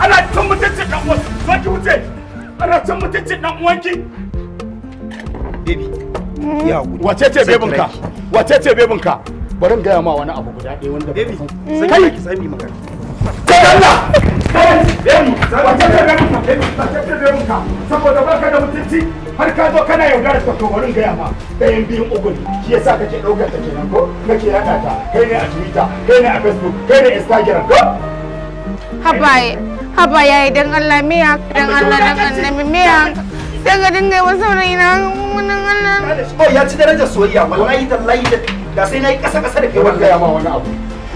ana cin mutuncin dan uwan zo ki wuce ana cin mutuncin dan ki baby ya wace ce ka wace ce ka bari gaya ma wani abu guda ɗaya wanda bebi sai ki sami magana Allah saboda ba ka da mutunci har ka zo kana yaudara ta to wurin gaya ma ɗayan biyun ugun shi yasa kake ɗaukar ta kenan ko kake yaɗa ta kai ne haba yayi dan Allah miya dan Allah miya sai ga dinga yi wasu wurin ina wannan Allah oh ya ci darajar soyayya wallahi da sai nayi kasa kasa da kai wanda ya ma wani abu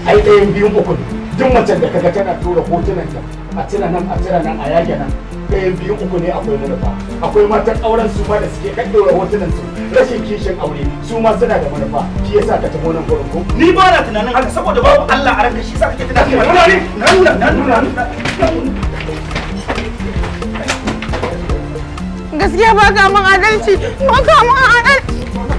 ai ɗayan biyun ugun duk macen da kaga tana tura hotunan ta a tira nan a tira nan a yage nan ɗayan biyu uku ne akwai manufa akwai matan auren su ma da suke ɗaɗɗora hotunan su rashin kishin aure su ma suna da manufa shi yasa ka tafi wannan gurin ko ni ba na tunanin haka saboda babu Allah a ranka shi yasa kake tunanin wannan na nuna na nuna gaskiya ba ka adalci ba ka mun adalci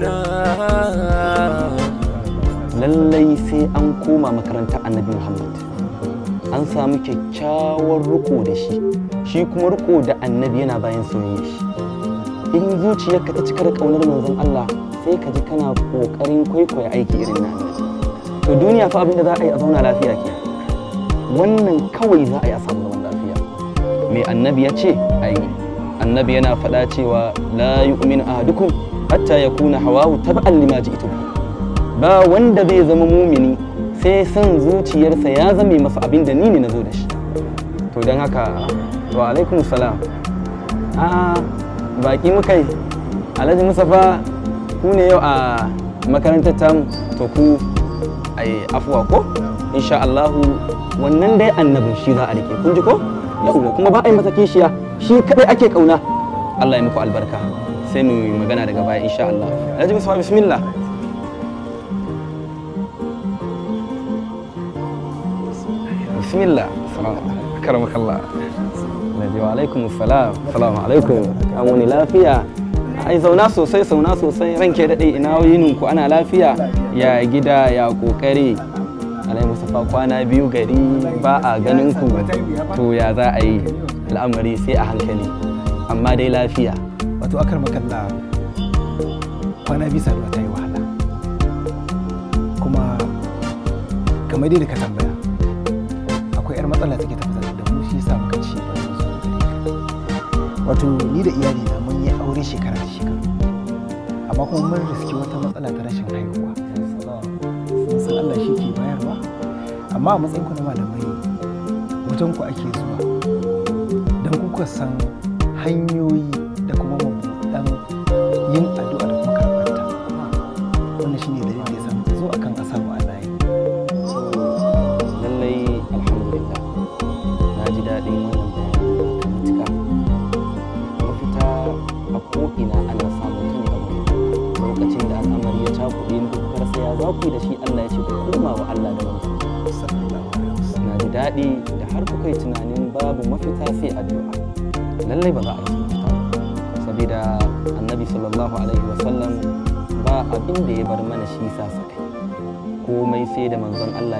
lallai sai an koma makarantar annabi muhammad an samu kyakkyawar riko da shi shi kuma riko da annabi yana bayan soyayya shi in zuciyarka ta cika da ƙaunar manzon Allah sai ka ji kana ƙoƙarin kwaikwaya aiki irin na to duniya fa abinda za a yi a zauna lafiya ke wannan kawai za a yi a samu zaman lafiya mai annabi ya ce a annabi yana faɗa cewa la a ahadukum hatta ya kuna hawahu tab'an lima ita ba wanda zai zama mumini sai san zuciyarsa ya zame masa abin da ni ne na zo da shi to don haka wa alaikum salam a baki mukai yi alhaji musafa ku ne yau a makarantar tamu to ku ai afuwa ko insha Allahu wannan dai annabin shi za a rike kun ji ko yau kuma ba a yi masa kishiya shi kadai ake kauna Allah ya muku albarka sai mu yi magana daga baya insha Allah alhaji musa bismillah bismillah karamakallah alhaji wa alaikum salam alaikum an lafiya ai zauna sosai zauna sosai ranke daɗe ina yinin ku ana lafiya ya gida ya kokari kwana biyu gari ba a ganin ku to ya za a yi al'amari sai a hankali amma dai lafiya wato akar makalla kwana bisa ruwa ta yi wahala kuma kamar dai da ka tambaya akwai 'yar matsala take tafi da mu shi yasa muka ci ba zo wato ni da iyali na mun yi aure shekara da shekaru amma kuma mun riski wata matsala ta rashin haihuwa san Allah shi ke bayarwa amma a matsayin ku na malamai wajen ku ake zuwa don kuka san hanyoyi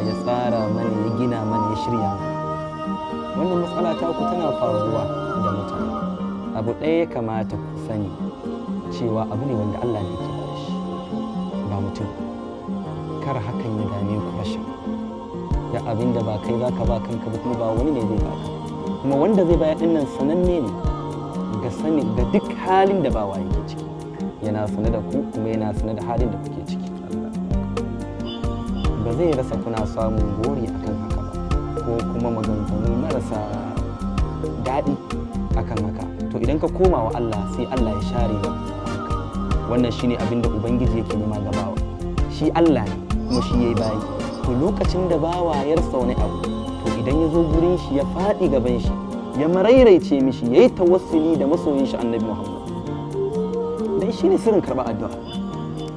ya tsara mana ya gina mana ya shirya wannan matsala ta ku tana faruwa da mutane abu ɗaya ya kamata ku sani cewa abu ne wanda Allah ne ke da shi ba mutum kar hakan ya dame ku rashin da abin da ba kai za ka ba kanka ba kuma ba wani ne zai baka kuma wanda zai ɗin nan sananne ne ga sani ga duk halin da ba waye ke ciki yana sane da ku kuma yana sane da halin da kuke zai rasa kuna samun gori akan haka ba ko kuma maganganu marasa daɗi akan haka to idan ka koma wa Allah sai Allah ya share ba wannan shi abin da ubangiji yake nema ga bawa shi Allah ne kuma shi ya yi bayi to lokacin da bawa ya rasa wani abu to idan ya zo gurin shi ya faɗi gaban shi ya marairaice mishi yi tawassuli da masoyin shi Annabi Muhammad dan ne sirrin karɓar addu'a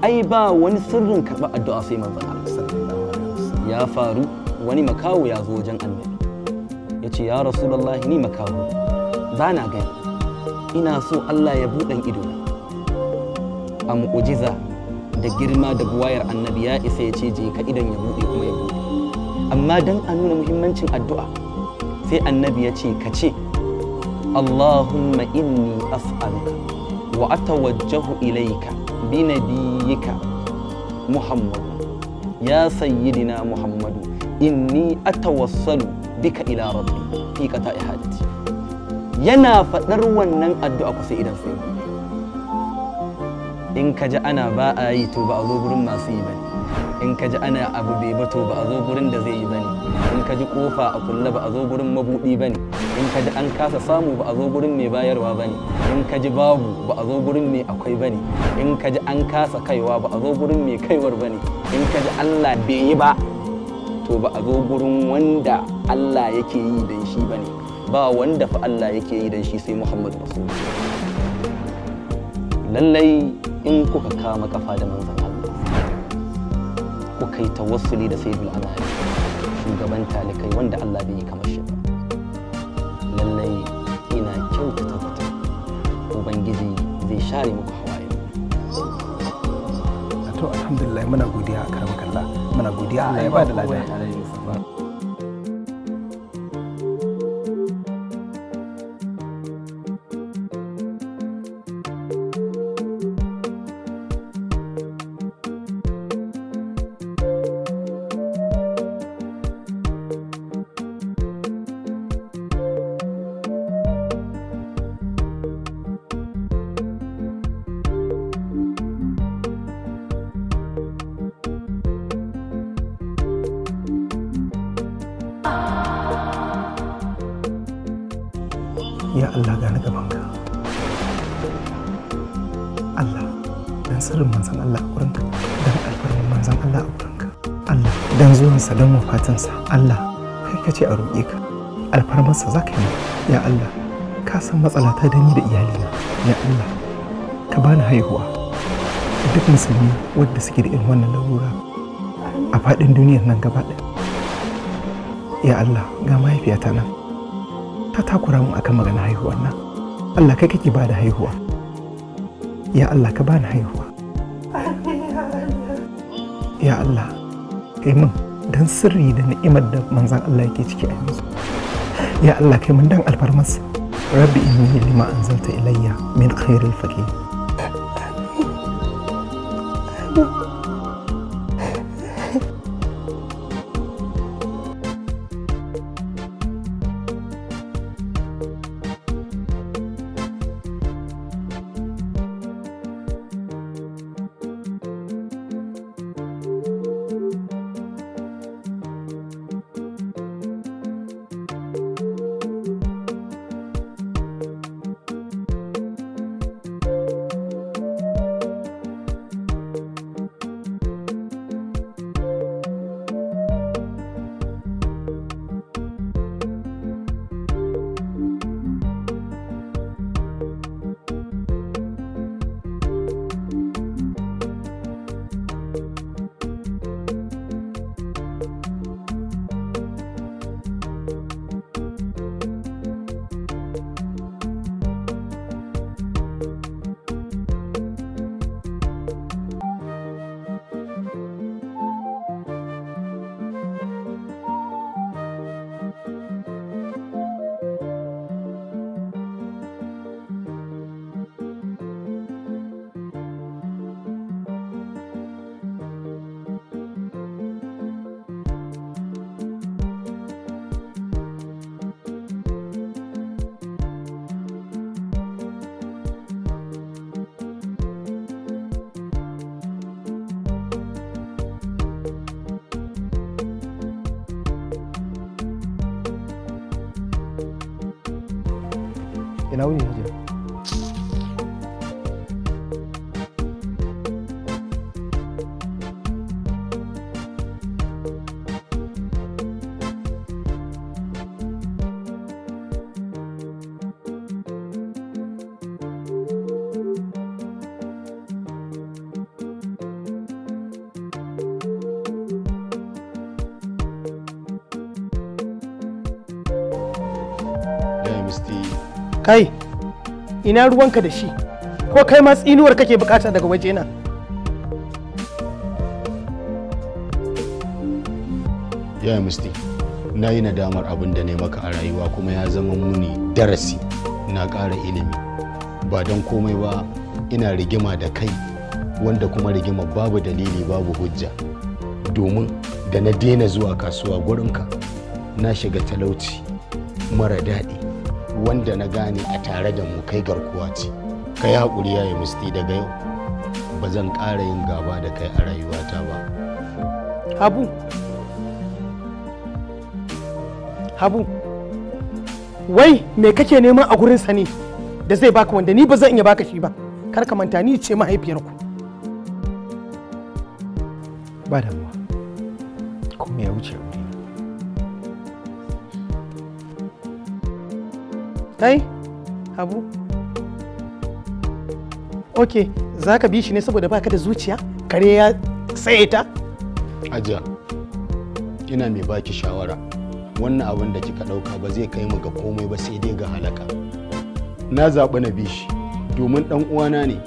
ai ba wani sirrin karɓar addu'a sai manzon ya faru wani makawo ya zo wajen annabi ya ce ya rasulallah ni makawo ba na gani ina so allah ya buɗan na a mu'ujiza da girma da buwayar annabi ya isa ya ce je ka idon ya buɗe kuma ya buɗe amma don a nuna muhimmancin addu'a sai annabi ya ce ka ce allahumma inni as'aluka wa atawajjahu ilaika bi nabiyyika muhammad ya sayyidina muhammadu inni atawassalu bika ila rabbi fi qata'i hajati yana faɗar wannan addu'a kusa sai idan in ka ji ana ba a yi to ba masu yi bane in ka ji ana abu bai ba to da zai yi bane in ka ji kofa a kulle ba a zo gurin mabuɗi bane in ka ji an kasa samu ba a zo gurin mai bayarwa ba ne in ka ji babu ba a zo gurin mai akwai ba ne in ka ji an kasa kaiwa ba a zo gurin mai kaiwar ba ne in ka ji allah bai yi ba to ba a zo gurin wanda allah yake yi don shi ba ne ba wanda fa allah yake yi don shi sai muhammad rasulullah lallai in kuka kama kafa da manzan allah kuka yi tawassuli da sayyidul anami shugaban talikai wanda allah bai yi kamar shi lallai ina kyautata fata ubangiji zai share muku hawaye to alhamdulillah muna godiya a karamar kalla muna godiya a ba da lafiya ya Allah gani gabanka Allah dan sirrin manzan Allah a wurinka dan alfarin manzan Allah a wurinka Allah dan zuwansa dan wafatinsa Allah kai kace a roƙe ka alfarmarsa za ka yi ya Allah ka san matsalata da ni da iyalina ya Allah ka bani haihuwa duk musulmi wadda suke da irin wannan larura a faɗin duniyar nan gaba ɗaya ya Allah ga mahaifiyata nan ta takura mun akan magana haihuwar nan Allah kai kake ba da haihuwa ya Allah ka bani haihuwa ya Allah kai min dan sirri da ni'imar da manzan Allah yake ciki a yanzu ya Allah kai min dan alfarmas rabbi inni lima anzalta ilayya min khairil faqir ina ruwanka da shi ko kai ma tsinuwar kake bukata daga waje na ya musti na yi nadamar abin da ne maka a rayuwa kuma ya zama muni darasi na ƙara ilimi ba don komai ba ina rigima da kai wanda kuma rigima babu dalili babu hujja domin da na daina zuwa kasuwa gurinka na shiga talauci mara daɗi wanda na gane a tare da mu kai garkuwa ce kai haƙuri ya yi musti daga yau ba zan ƙara yin gaba da kai a rayuwata ba habu habu wai me kake neman a gurin sa ne da zai baka wanda ni ba zan iya baka shi ba kar ka manta ni ce mahaifiyarku ba damuwa me ya wuce ba. kai habu ok za ka bi shi ne saboda baka da zuciya kare ya tsaye ta ajiya ina mai baki shawara wannan abin da kika ɗauka ba zai kai mu ga komai ba sai dai ga halaka na zaɓi na bi shi domin ɗan uwana ne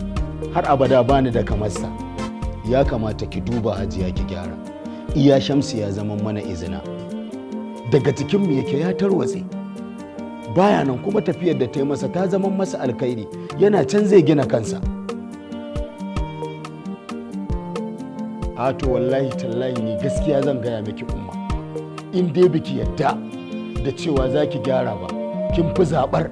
har abada bani da kamarsa ya kamata ki duba hajiya ki gyara iya shamsu ya zama mana izina daga mu yake ya tarwatse baya nan kuma tafiyar da ta yi masa ta zama masa alkhairi yana can zai gina kansa to wallahi tallahi ne gaskiya zan gaya miki umma in dai biki yadda da cewa za ki gyara ba kin fi zaɓar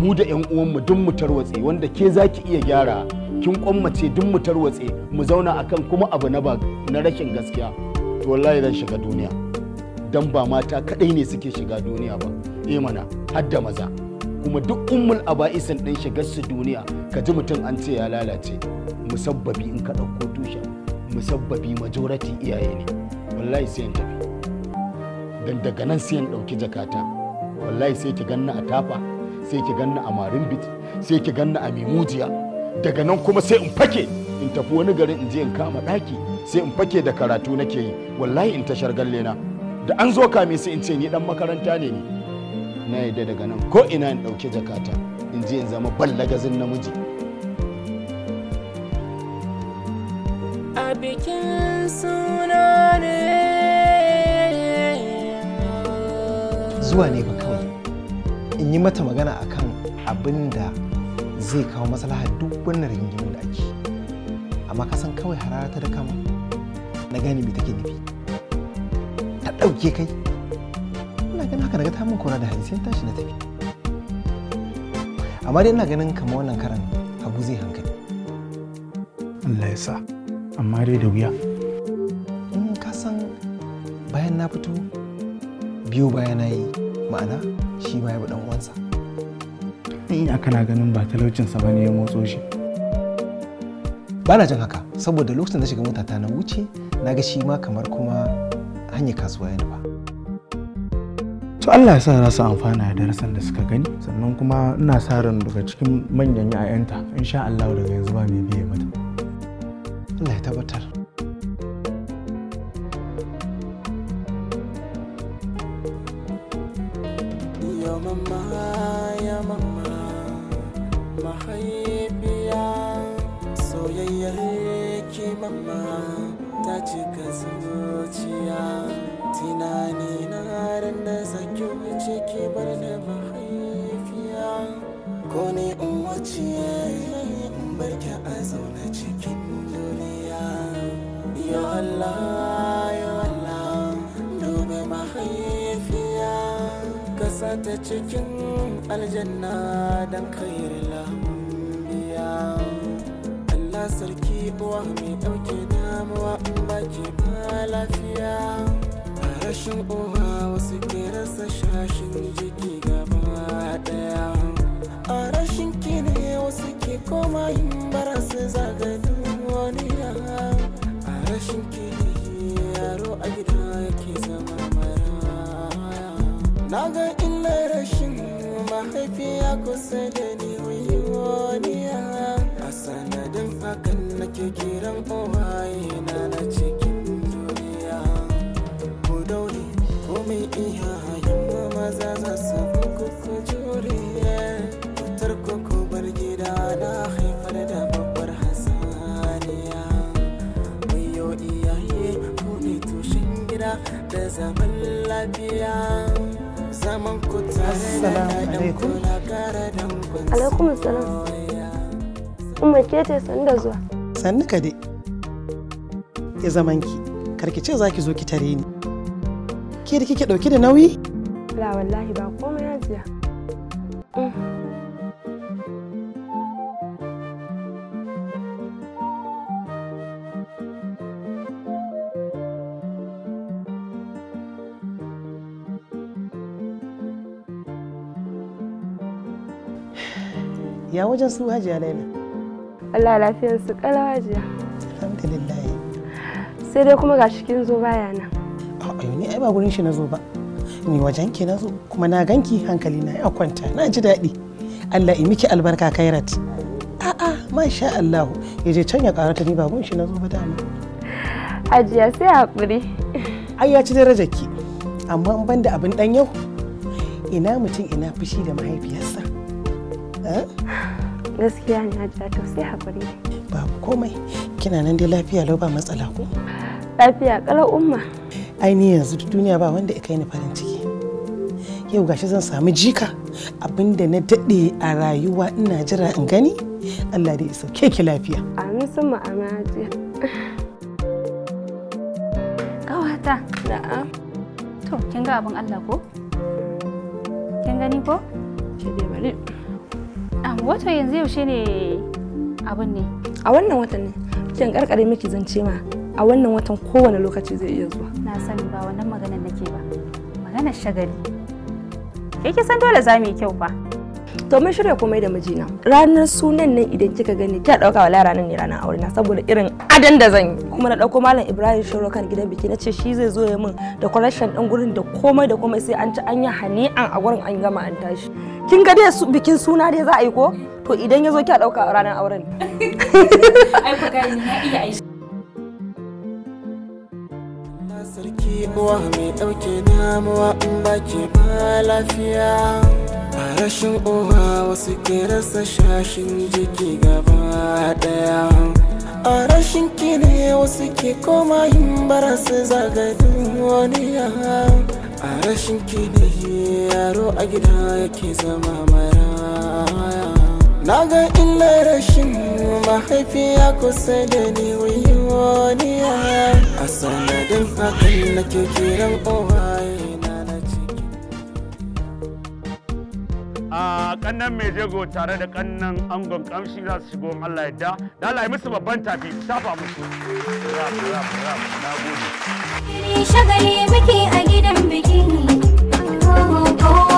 mu da 'yan uwanmu duk mu tarwatse wanda ke za ki iya gyara kin kwammace duk mu tarwatse mu zauna akan kuma abu na ba na rashin gaskiya to wallahi zan shiga duniya dan ba mata kaɗai ne suke shiga duniya ba eh mana hadda maza kuma duk ummul aba'isin ɗin shigar su duniya ka ji mutum an ce ya lalace musabbabi in ka ɗauko tushen musabbabi majority iyaye ne wallahi sai in tafi don daga nan sai in ɗauki jakata wallahi sai ki ganna a tafa sai ki ganna a marimbit sai ki ganna a mimujiya daga nan kuma sai in fake in tafi wani garin in je in kama ɗaki sai in fake da karatu nake yi wallahi in tashar galle na da an zo kame sai in ce ni dan makaranta ne ni na yadda daga nan ko ina in ɗauki jakata in je in zama ballagazin namiji a bikin suna zuwa ne ba kawai in yi mata magana akan abin da zai kawo maslaha duk wannan rigingimin da ake amma kasan kawai harara ta da kama na gane me take nufi ta ɗauke kai ina ganin haka daga ta min kora da hali sai tashi na tafi amma dai ina ganin kamar wannan karan Habu zai hankali Allah ya sa amma dai da wuya in ka san bayan na fito biyu bayan na yi ma'ana shi ma ya bi dan uwansa in ya kana ganin ba talaucinsa ba ne ya motso shi ba na jin haka saboda lokacin da shiga mota ta na wuce na ga shi ma kamar kuma hanyar kasuwa ya nufa to Allah ya sa za su amfana da darasin da suka gani sannan kuma ina sa ran daga cikin manyan 'ya'yanta insha Allah daga yanzu ba mai biye mata Allah ya tabbatar cikin aljanna don kairin lambiya Allah sarki uwa mai ɗauke damuwa in ke ba lafiya a rashin uwa wasu ke rasa shashin jiki nake kiran uwaye na cikin duniya mu daure komai iya mu maza za su muku ku juriye fitar ku bar gida na haifar da babbar hasaniya wayo iyaye ku ne tushen gida da zaman lafiya zaman ku tare da ɗan kula kara dangon alaikum salam umma ke ce sanda zuwa sannu ka dai ya zaman ki karki ce za ki zo ki tare ni ke da kike dauke da nauyi la wallahi ba komai hajiya mm. ya wajen su hajiya laila Allah lafiyar su jiya? alhamdulillah sai dai kuma gashi kin zo baya nan a'a ne ai ba gurin shi na zo ba ni wajen ki na zo kuma na ganki hankali na ya kwanta na ji daɗi Allah yi miki albarka kairat a'a masha Allah ya je can ya karata ni ba gurin shi na zo ba dama Ajiya sai hakuri ai ya ci darajar ki amma in banda abin dan yau ina mutum ina fushi da mahaifiyarsa eh gaskiya na jiya to sai haƙuri babu komai kina nan dai lafiya lau ba matsala ko lafiya ƙalau umma ai ni yanzu duniya ba wanda ya kai ni farin ciki yau gashi zan samu jika abinda na daɗe a rayuwa ina jira in gani Allah da ya sauke ki lafiya amin sun ma'ana kawata na'am to kin ga abin Allah ko kin gani ko shi dai bari Ah, wata yanzu yaushe ne abin ne? A wannan watan ne. Kin karkare miki zance ma. A wannan watan kowane lokaci zai iya zuwa. Na sani ba wannan maganar nake ba. Maganar shagali. ke san dole za mu yi kyau ba. to mun shirya komai da mijina ranar sunan nan idan kika gani kya dauka wala ranar ne ranar aure na saboda irin adan da zan yi kuma na dauko malam Ibrahim Shiro kan gidan biki nace shi zai zo ya min da correction din gurin da komai da komai sai an ci an yi hani'an a gurin an gama an tashi kin ga dai bikin suna dai za a yi ko to idan ya zo kya dauka ranar auren ai ku ni na iya uwa mai ɗauke damuwa in ba ke ba lafiya a rashin uwa wasu ke rasa shashin jiki gaba ɗaya a rashin kine wasu ke koma yin barasa wani ya a rashin kine yaro a gida yake zama mara. na ga illar rashin mahaifiya kusa da ni wayoniya a sanadin hakan na kiran owaye na na ciki a kannan mai jego tare da kannan angon kamshi za su shigo Allah yadda da Allah musu babban tafi safa musu na shagali muke a gidan biki oh, oh, oh.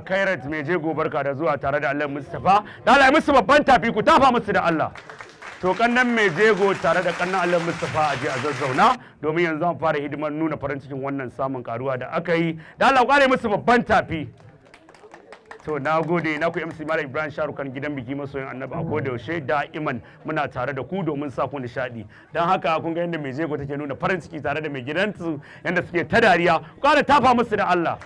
kairat mai je barka da zuwa tare da Allah Mustafa da Allah musu babban tafi ku tafa musu da Allah to kannan mai jego tare da kannan Allah Mustafa a je a zazzauna domin yanzu an fara hidimar nuna farin cikin wannan samun karuwa da aka yi da Allah kware musu babban tafi to na gode na ku MC Malam Ibrahim Sharukan gidan biki masoyin Annabi a koda yaushe iman muna tare da ku domin sa ku nishadi dan haka kun ga yanda mai jego take nuna farin ciki tare da mai gidansu yanda suke ta dariya ku tafa musu da Allah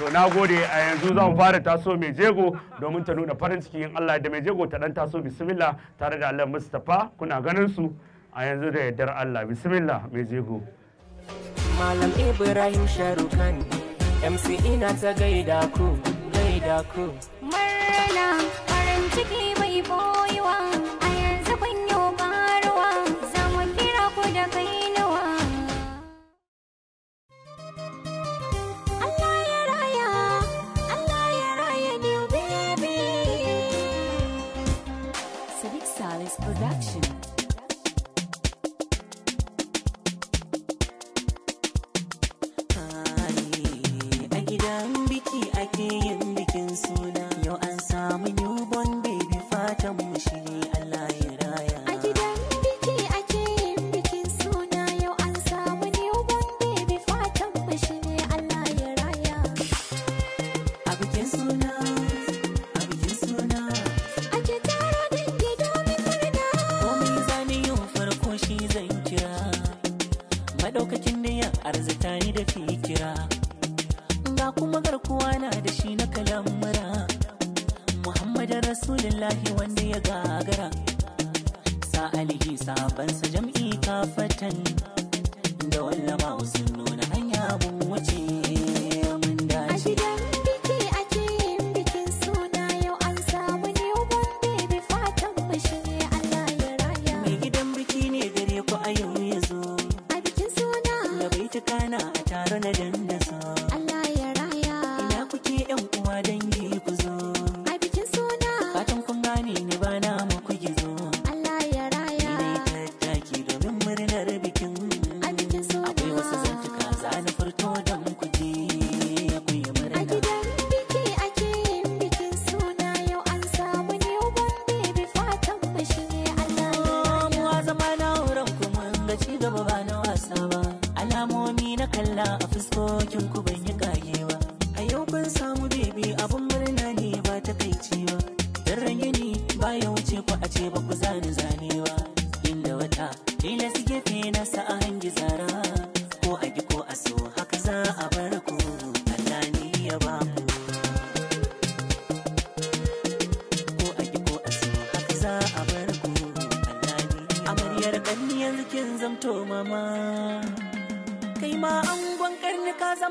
to na gode a yanzu zan fara taso mai jego domin ta nuna farin ciki in Allah da mai jego ta dan taso bismillah tare da Allah Mustafa kuna ganin su a yanzu da yardar Allah bismillah mai jego Malam Ibrahim Sharukan MC ina ta gaida ku gaida ku Murna farin ciki bai wa.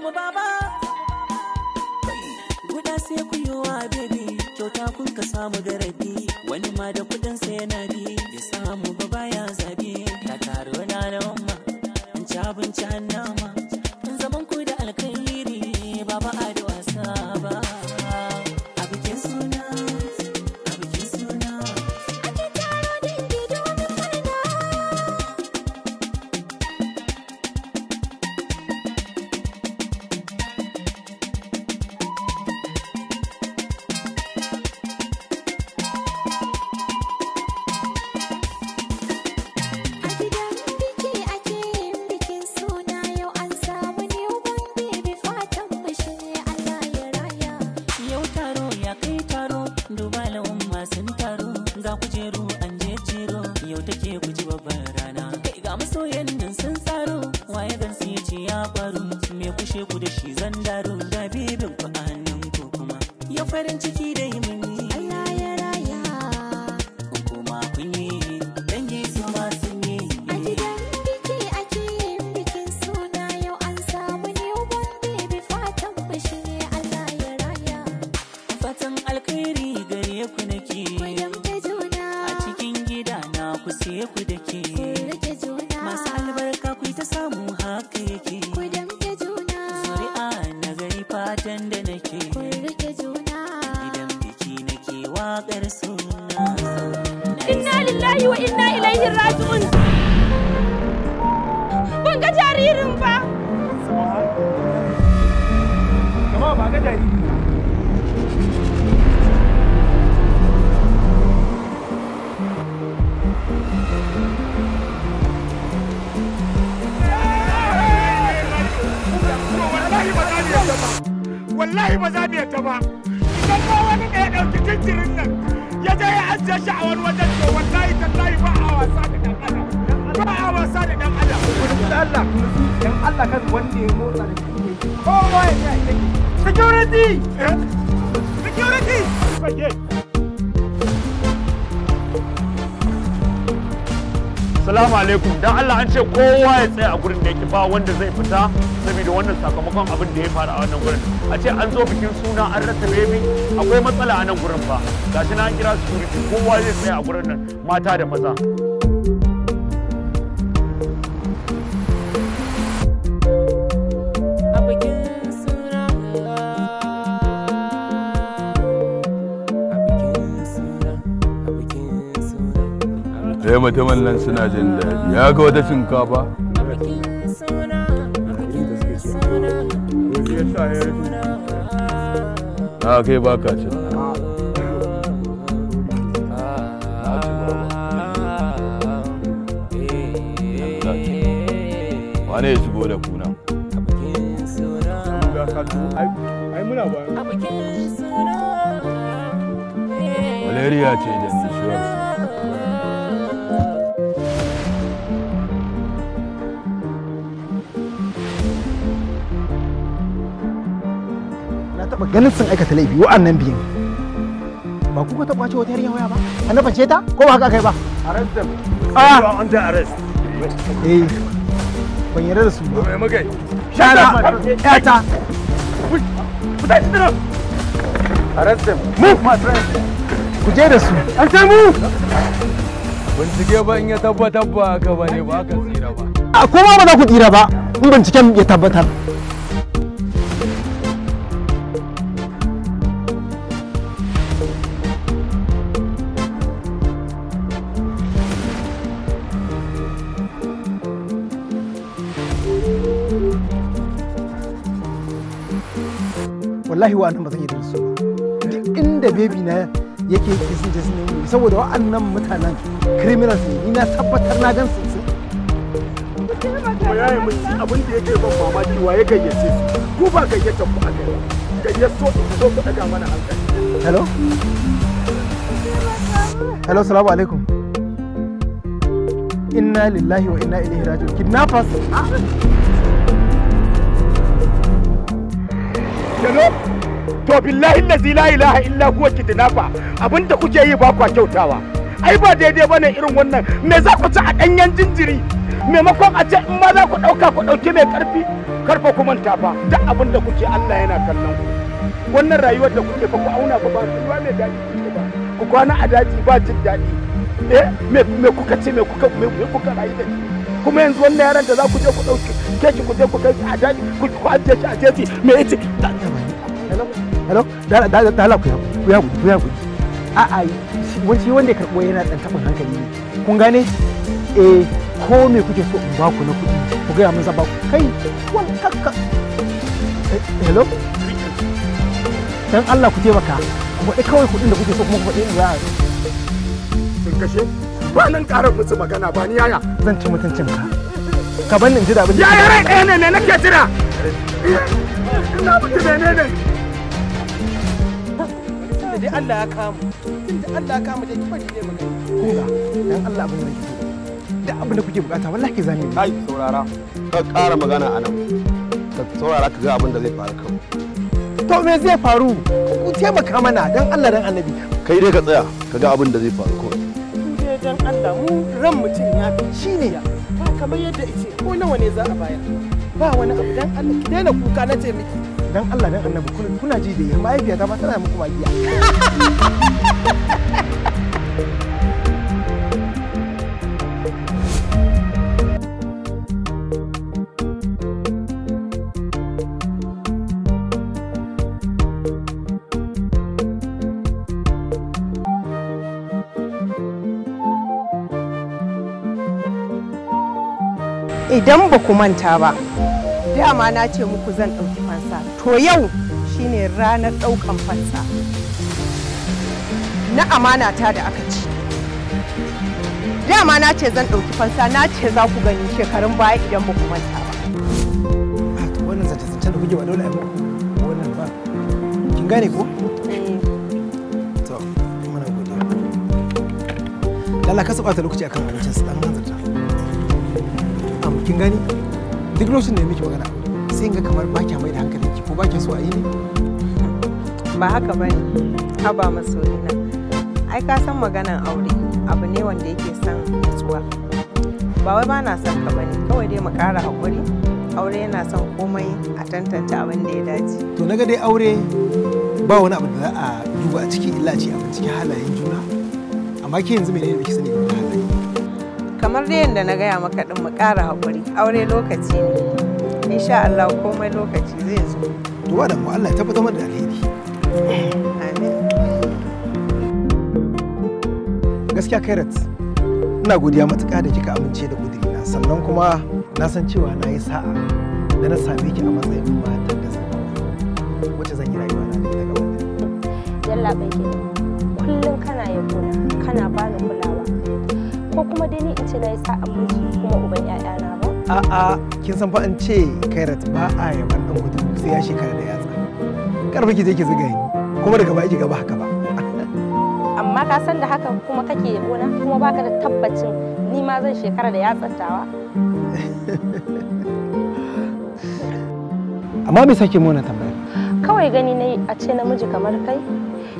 mu baba guda sai ku yi wa bebe kyauta kun ka samu garabi wani ma da kudin yana bi ya samu ba baya zaɓe ta taro na umma in ci abinci nama in zaman ku da alkhairi baba ado ya tsaya a gurin da yake ba wanda zai fita saboda wannan sakamakon abin da ya faru a wannan gurin a ce an zo bikin suna an rasa bebi akwai matsala a nan gurin ga shi na an kira security kowa zai tsaya a gurin nan mata da maza sai eh, mutumin nan suna jin daɗi ya ga wata shinkafa Okay, yi rufe. you. ganin sun aikata laifi wa'annan biyan ba kuka taɓa ce wata yarinya waya ba a na face ta ko ba haka kai ba arrest them ah under arrest eh ban yarda da su ba mai magai shara ya yata fita shi dira arrest them move my friend ku je da su an sai mu bincike ba in ya tabbatar ba haka ba ne ba haka tsira ba kuma ba za ku tsira ba in binciken ya tabbatar wallahi wa wa'annan ba zan yi da su duk inda baby na yake yake sun je sun nemi saboda wa'annan mutanen criminals ne ni na tabbatar na gan su su kuma ya yi mutu abin da yake ban mamaki wa ya gayyace su ku ba gayyatar ku a gaba gayyato in zo ku daga mana hankali hello hello salamu alaikum inna lillahi wa inna ilaihi raji'un kidnappers jalo to billahi allazi la ilaha illa huwa kitnafa abinda kuke yi ba kwa kyautawa ai ba daidai bane irin wannan me za ku ci a danyen jinjiri maimakon a ce in ma za ku dauka ku dauki mai karfi karfa ku manta ba duk abinda kuke Allah yana kallon ku wannan rayuwar da kuke fa ku auna ba ba ruwa mai daɗi kuke ba ku kwana a daji ba jin daɗi eh me kuka ce me kuka me kuka rayu da kuma yanzu wannan yaran da za ku je ku dauki ke ku je ku kai shi a daji ku ku ajiye shi a jeji me yace hello hello da da da ku ya ku ya ku ya ku a a shi wanda ya karbo yana dan tabin hankali ne kun gane eh ko me kuke so in ba ku na kuɗi ku ga mun ba ku kai wal kakka hello dan Allah ku taimaka ku faɗi kawai kuɗin da kuke so kuma ku faɗi in za a kashe ba nan ƙarar musu magana ba ni yaya zan ci mutuncin ka ka ban in ji da abin da ya rai ɗaya ne me nake jira ina mutu ne ne dai Allah ya kama tunda Allah ya kama dai ki bari dai magana dan Allah abin da kike da abin da kuke bukata wallahi zan yi ai saurara ka ƙara magana a nan ka saurara ka ga abin da zai faru kawai to me zai faru ku taimaka mana dan Allah dan annabi kai dai ka tsaya ka ga abin da zai faru kawai dan Allah mu ran mutum ya fi shine ya kamar yadda ice ko nawa ne za a bayar ba wani abu dan Allah ki daina kuka na ce miki dan Allah dan annabi kuna ji da mahaifiyata ma tana muku magiya idan ba ku manta ba dama na ce muku zan ɗauki fansa to yau shine ranar ɗaukan fansa na amana ta da aka ci dama na ce zan ɗauki fansa na ce za ku gani shekarun baya idan ba ku manta ba ah, wannan zata zata da kuke dole a wannan ba kin gane ko eh. to mana godiya Allah ka saba ta lokaci akan wancan abincin dan zata samu kin gani duk lokacin da miki magana sai in ga kamar ba kya mai da hankalin ki ko ba ki so a yi ne ba haka ba ne haba masoyina ai ka san maganan aure abu ne wanda yake son nutsuwa ba wai ba na son ka bane kawai dai mu ƙara haƙuri aure yana son komai a tantance abin da ya dace to naga dai aure ba wani abu da za a duba a cikin illaci a cikin halayen juna amma ke yanzu menene ke sani ba halaye kamar da yadda na gaya maka din mu ƙara haƙuri aure lokaci ne insha Allah komai lokaci zai zo duwa da mu Allah ya tabbatar mana da alheri amin gaskiya kairat ina godiya matuƙa da kika amince da na sannan kuma na san cewa na yi sa'a da na same ki a matsayin matar da zan wacce zan yi rayuwa na daga wannan jalla bai kullum kana yakuna kana ba ni kulawa ko kuma dai ni in ce na yi sa'a miji kuma uban ƴaƴana ba a'a kin san fa in ce kairat ba a yaban dan gudu sai ya shekara da yatsa Karfi ki je ki zuga ni kuma daga baya ki gaba haka ba amma ka san da haka kuma kake yabo na kuma baka da tabbacin ni ma zan shekara da yatsa tawa amma me sake mona tambaya kawai gani nayi a ce namiji kamar kai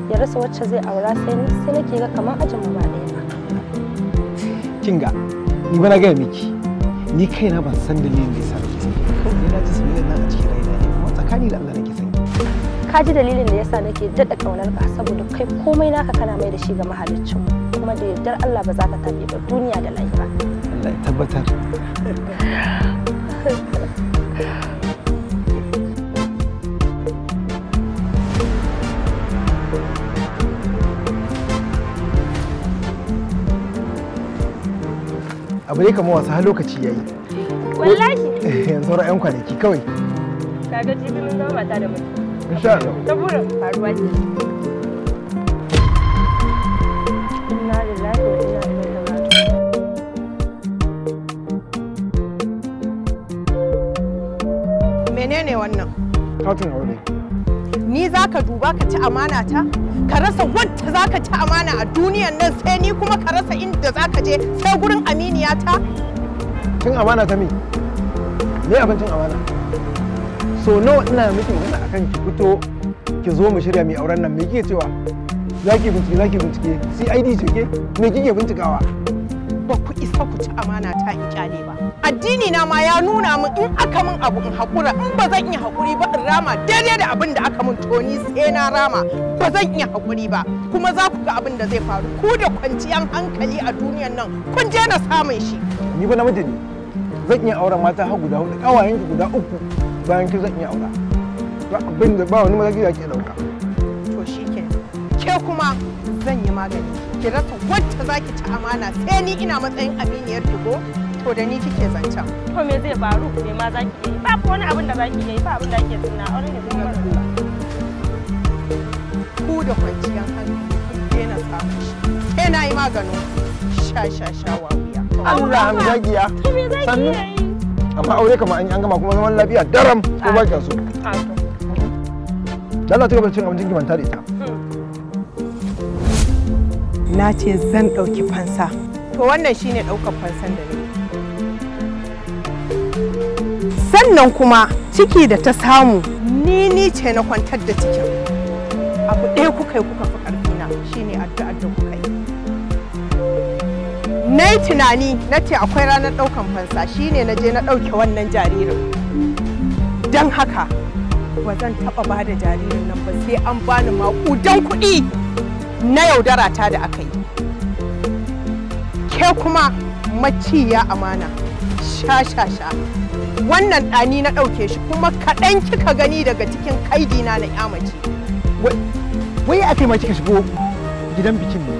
ya rasa wacce zai aura sai ni sai nake ga kamar ajin mu ba ɗaya kin ga ni ba na gaya miki ni kaina ban san dalilin da ya sa ni sanki kawai na ji soyayyar nan a cikin raina ne kuma tsakani da Allah nake sani ka ji dalilin da yasa nake dada kaunar ka saboda kai komai naka kana mai da shi ga mahaliccin kuma da yardar Allah ba za ka tafi ba duniya da lafiya Allah ya tabbatar abu ne kamar wasu har lokaci ya yi wallahi eh, yanzu sauran 'yan kwanaki kawai kaga jibi mun zama mata da mutum insha Allah ta saboda faruwa ce inna lillahi wa inna ilaihi raji'un menene wannan katin aure ni zaka duba ka ci amana ta ka rasa wadda za ka ci amana a duniyan nan sai ni kuma ka rasa inda za ka je sai gurin aminiya ta cin amana ta me me abincin amana so nawa ina miki magana akan ki fito ki zo mu shirya mai auren nan me kike cewa za ki bincike ki bincike CID ce ke me kike bincikawa ba ku isa ku ci amana ta in kyale ba addini na ma ya nuna min in aka min abu in hakura in ba zan iya haƙuri ba in rama daidai da abin da aka min toni sai na rama ba zan iya haƙuri ba kuma za ku ga abin da zai faru ku da kwanciyan hankali a duniyan nan kun je na samun shi ni ba namiji ne zan iya auren mata har guda hudu kawayen ki guda uku bayan ki zan iya aura ba abin da ba wani mataki da ke dauka to shike ke kuma zan yi magani ki rasa wacce zaki ci amana sai ni ina matsayin aminiyar ki ko to da ni kike zancen to me zai faru me ma zaki yi ba wani abin da zaki yi ba abin da ake tunna auren da kuma yi ku da kwanciyar hankali daina samu shi na yi maganin sha sha sha wa wuya Allah mu zagiya yi. amma aure kamar an an gama kuma zaman lafiya daram ko ba kyan so Allah ta gaba cin abincin ki manta da ita na ce zan ɗauki fansa to wannan shine ɗaukar fansan da ni sannan kuma ciki da ta samu ni ni ce na kwantar da cikin abu ɗaya kuka yi kuka fi ƙarfina shine addu'ar da kuka yi na yi tunani na ce akwai ranar ɗaukan fansa shine na je na ɗauke wannan jaririn don haka ba zan taɓa ba da jaririn nan ba sai an bani maƙudan kuɗi na yaudara ta da aka yi ke kuma maciya amana sha sha sha wannan ɗani na ɗauke shi kuma kaɗan kika gani daga cikin kaidina na yamace. Wai a ma kika shigo gidan bikin ne.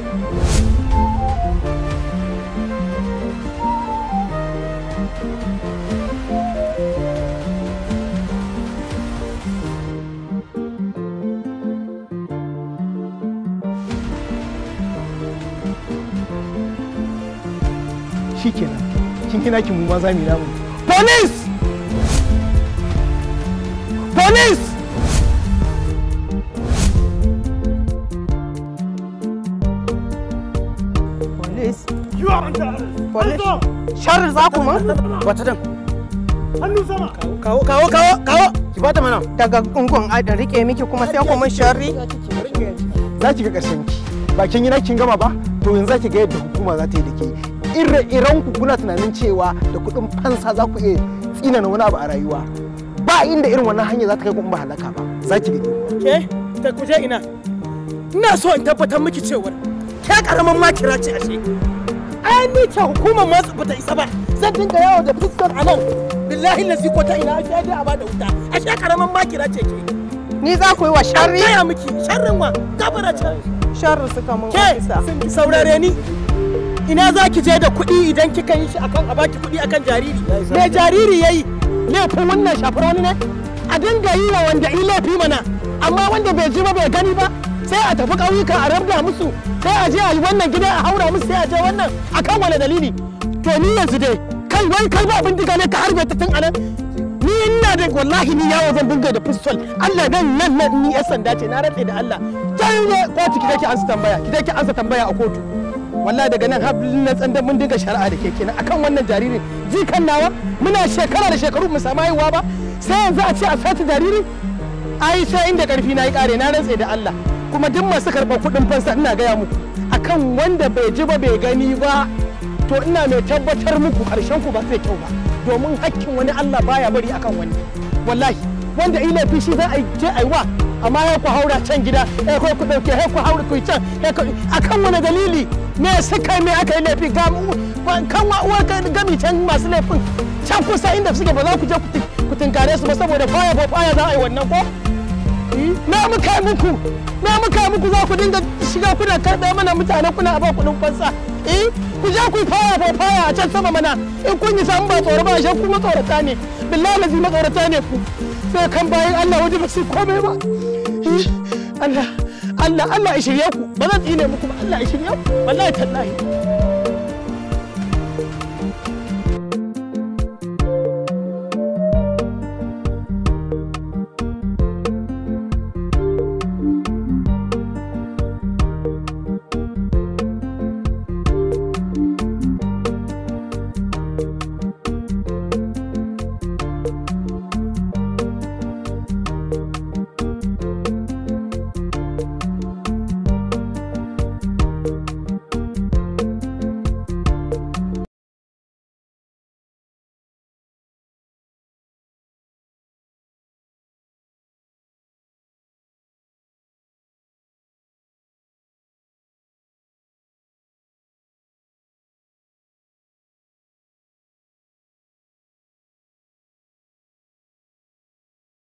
Shi kenan, kin kina ki mu ma za mu yi namu. Police! Police! Police? You Sharar za ku sama. Kawo, kawo, kawo, kawo. Ki Daga ungon a da rike miki kuma sai ku mun sharri. Za ki ga ƙarshen ki. Bakin gida kin gama ba? To yanzu za ki ga yadda hukuma za ta yi da ke. tunanin cewa da kuɗin fansa za ku iya tsinana wani abu a rayuwa. ba inda irin wannan hanya za ta kai kuma ba halaka ba za ki ke ta kuje ina ina so in tabbatar miki cewar ke karaman makira ce ashe ai ni ce hukumar masu bata isa ba zan dinga yawo da fiskar a nan billahi lazi ziko ta ina ashe dai a bada wuta ashe karaman makira ce ke ni za ku yi wa sharri ya miki sharrin wa gabara ce sharri suka mun ke saurare ni ina za ki je da kuɗi idan kika yi shi akan a baki kuɗi akan jariri me jariri yayi laifin wannan shafar wani ne a dinga yi wa wanda yi laifi mana amma wanda bai ji ba bai gani ba sai a tafi ƙauyuka a rabda musu sai a je a yi wannan gida a haura musu sai a je wannan a kan wani dalili to ni yanzu dai kai wai kai ba bindiga ne ka harbe ta tun anan ni ina da wallahi ni yawo zan dinga da pistol Allah dan nan nan ni yan sanda ce na rantse da Allah kai ne kotu ki ansa tambaya ki ansa tambaya a kotu wallahi daga nan har na tsandan mun dinga shari'a da ke kenan akan wannan jaririn jikan nawa muna shekara da shekaru mu samu haihuwa ba sai yanzu a ce a sace jaririn ai sai inda karfi na yi kare na rantse da Allah kuma duk masu karɓar kuɗin fansa ina gaya muku akan wanda bai ji ba bai gani ba to ina mai tabbatar muku karshen ku ba zai kyau ba domin hakkin wani Allah baya bari akan wani wallahi wanda ilafi shi za a je a yi wa amma ya ku haura can gida ya eh, ku ku dauke ya eh, ku haura ku can eh, akan wani dalili me suka me aka yi laifi kan uwa gami can masu laifin can kusa inda suke ba za ku je ku tinkare su ba saboda baya ba baya za a yi wannan ko na hmm? muka muku na muka muku za ku dinga shiga kuna karɓe mana mutane kuna ba kuɗin fansa hmm? ku je ku faya ba faya a can sama mana in kun yi samu ba tsoro ba shan ku matsorata ne billahi lazi matsorata ne ku sai kan bayan Allah wajen ba su komai ba Allah Allah Allah ya shirye ku ba zan tsine muku ba Allah ya shirya ku wallahi tallahi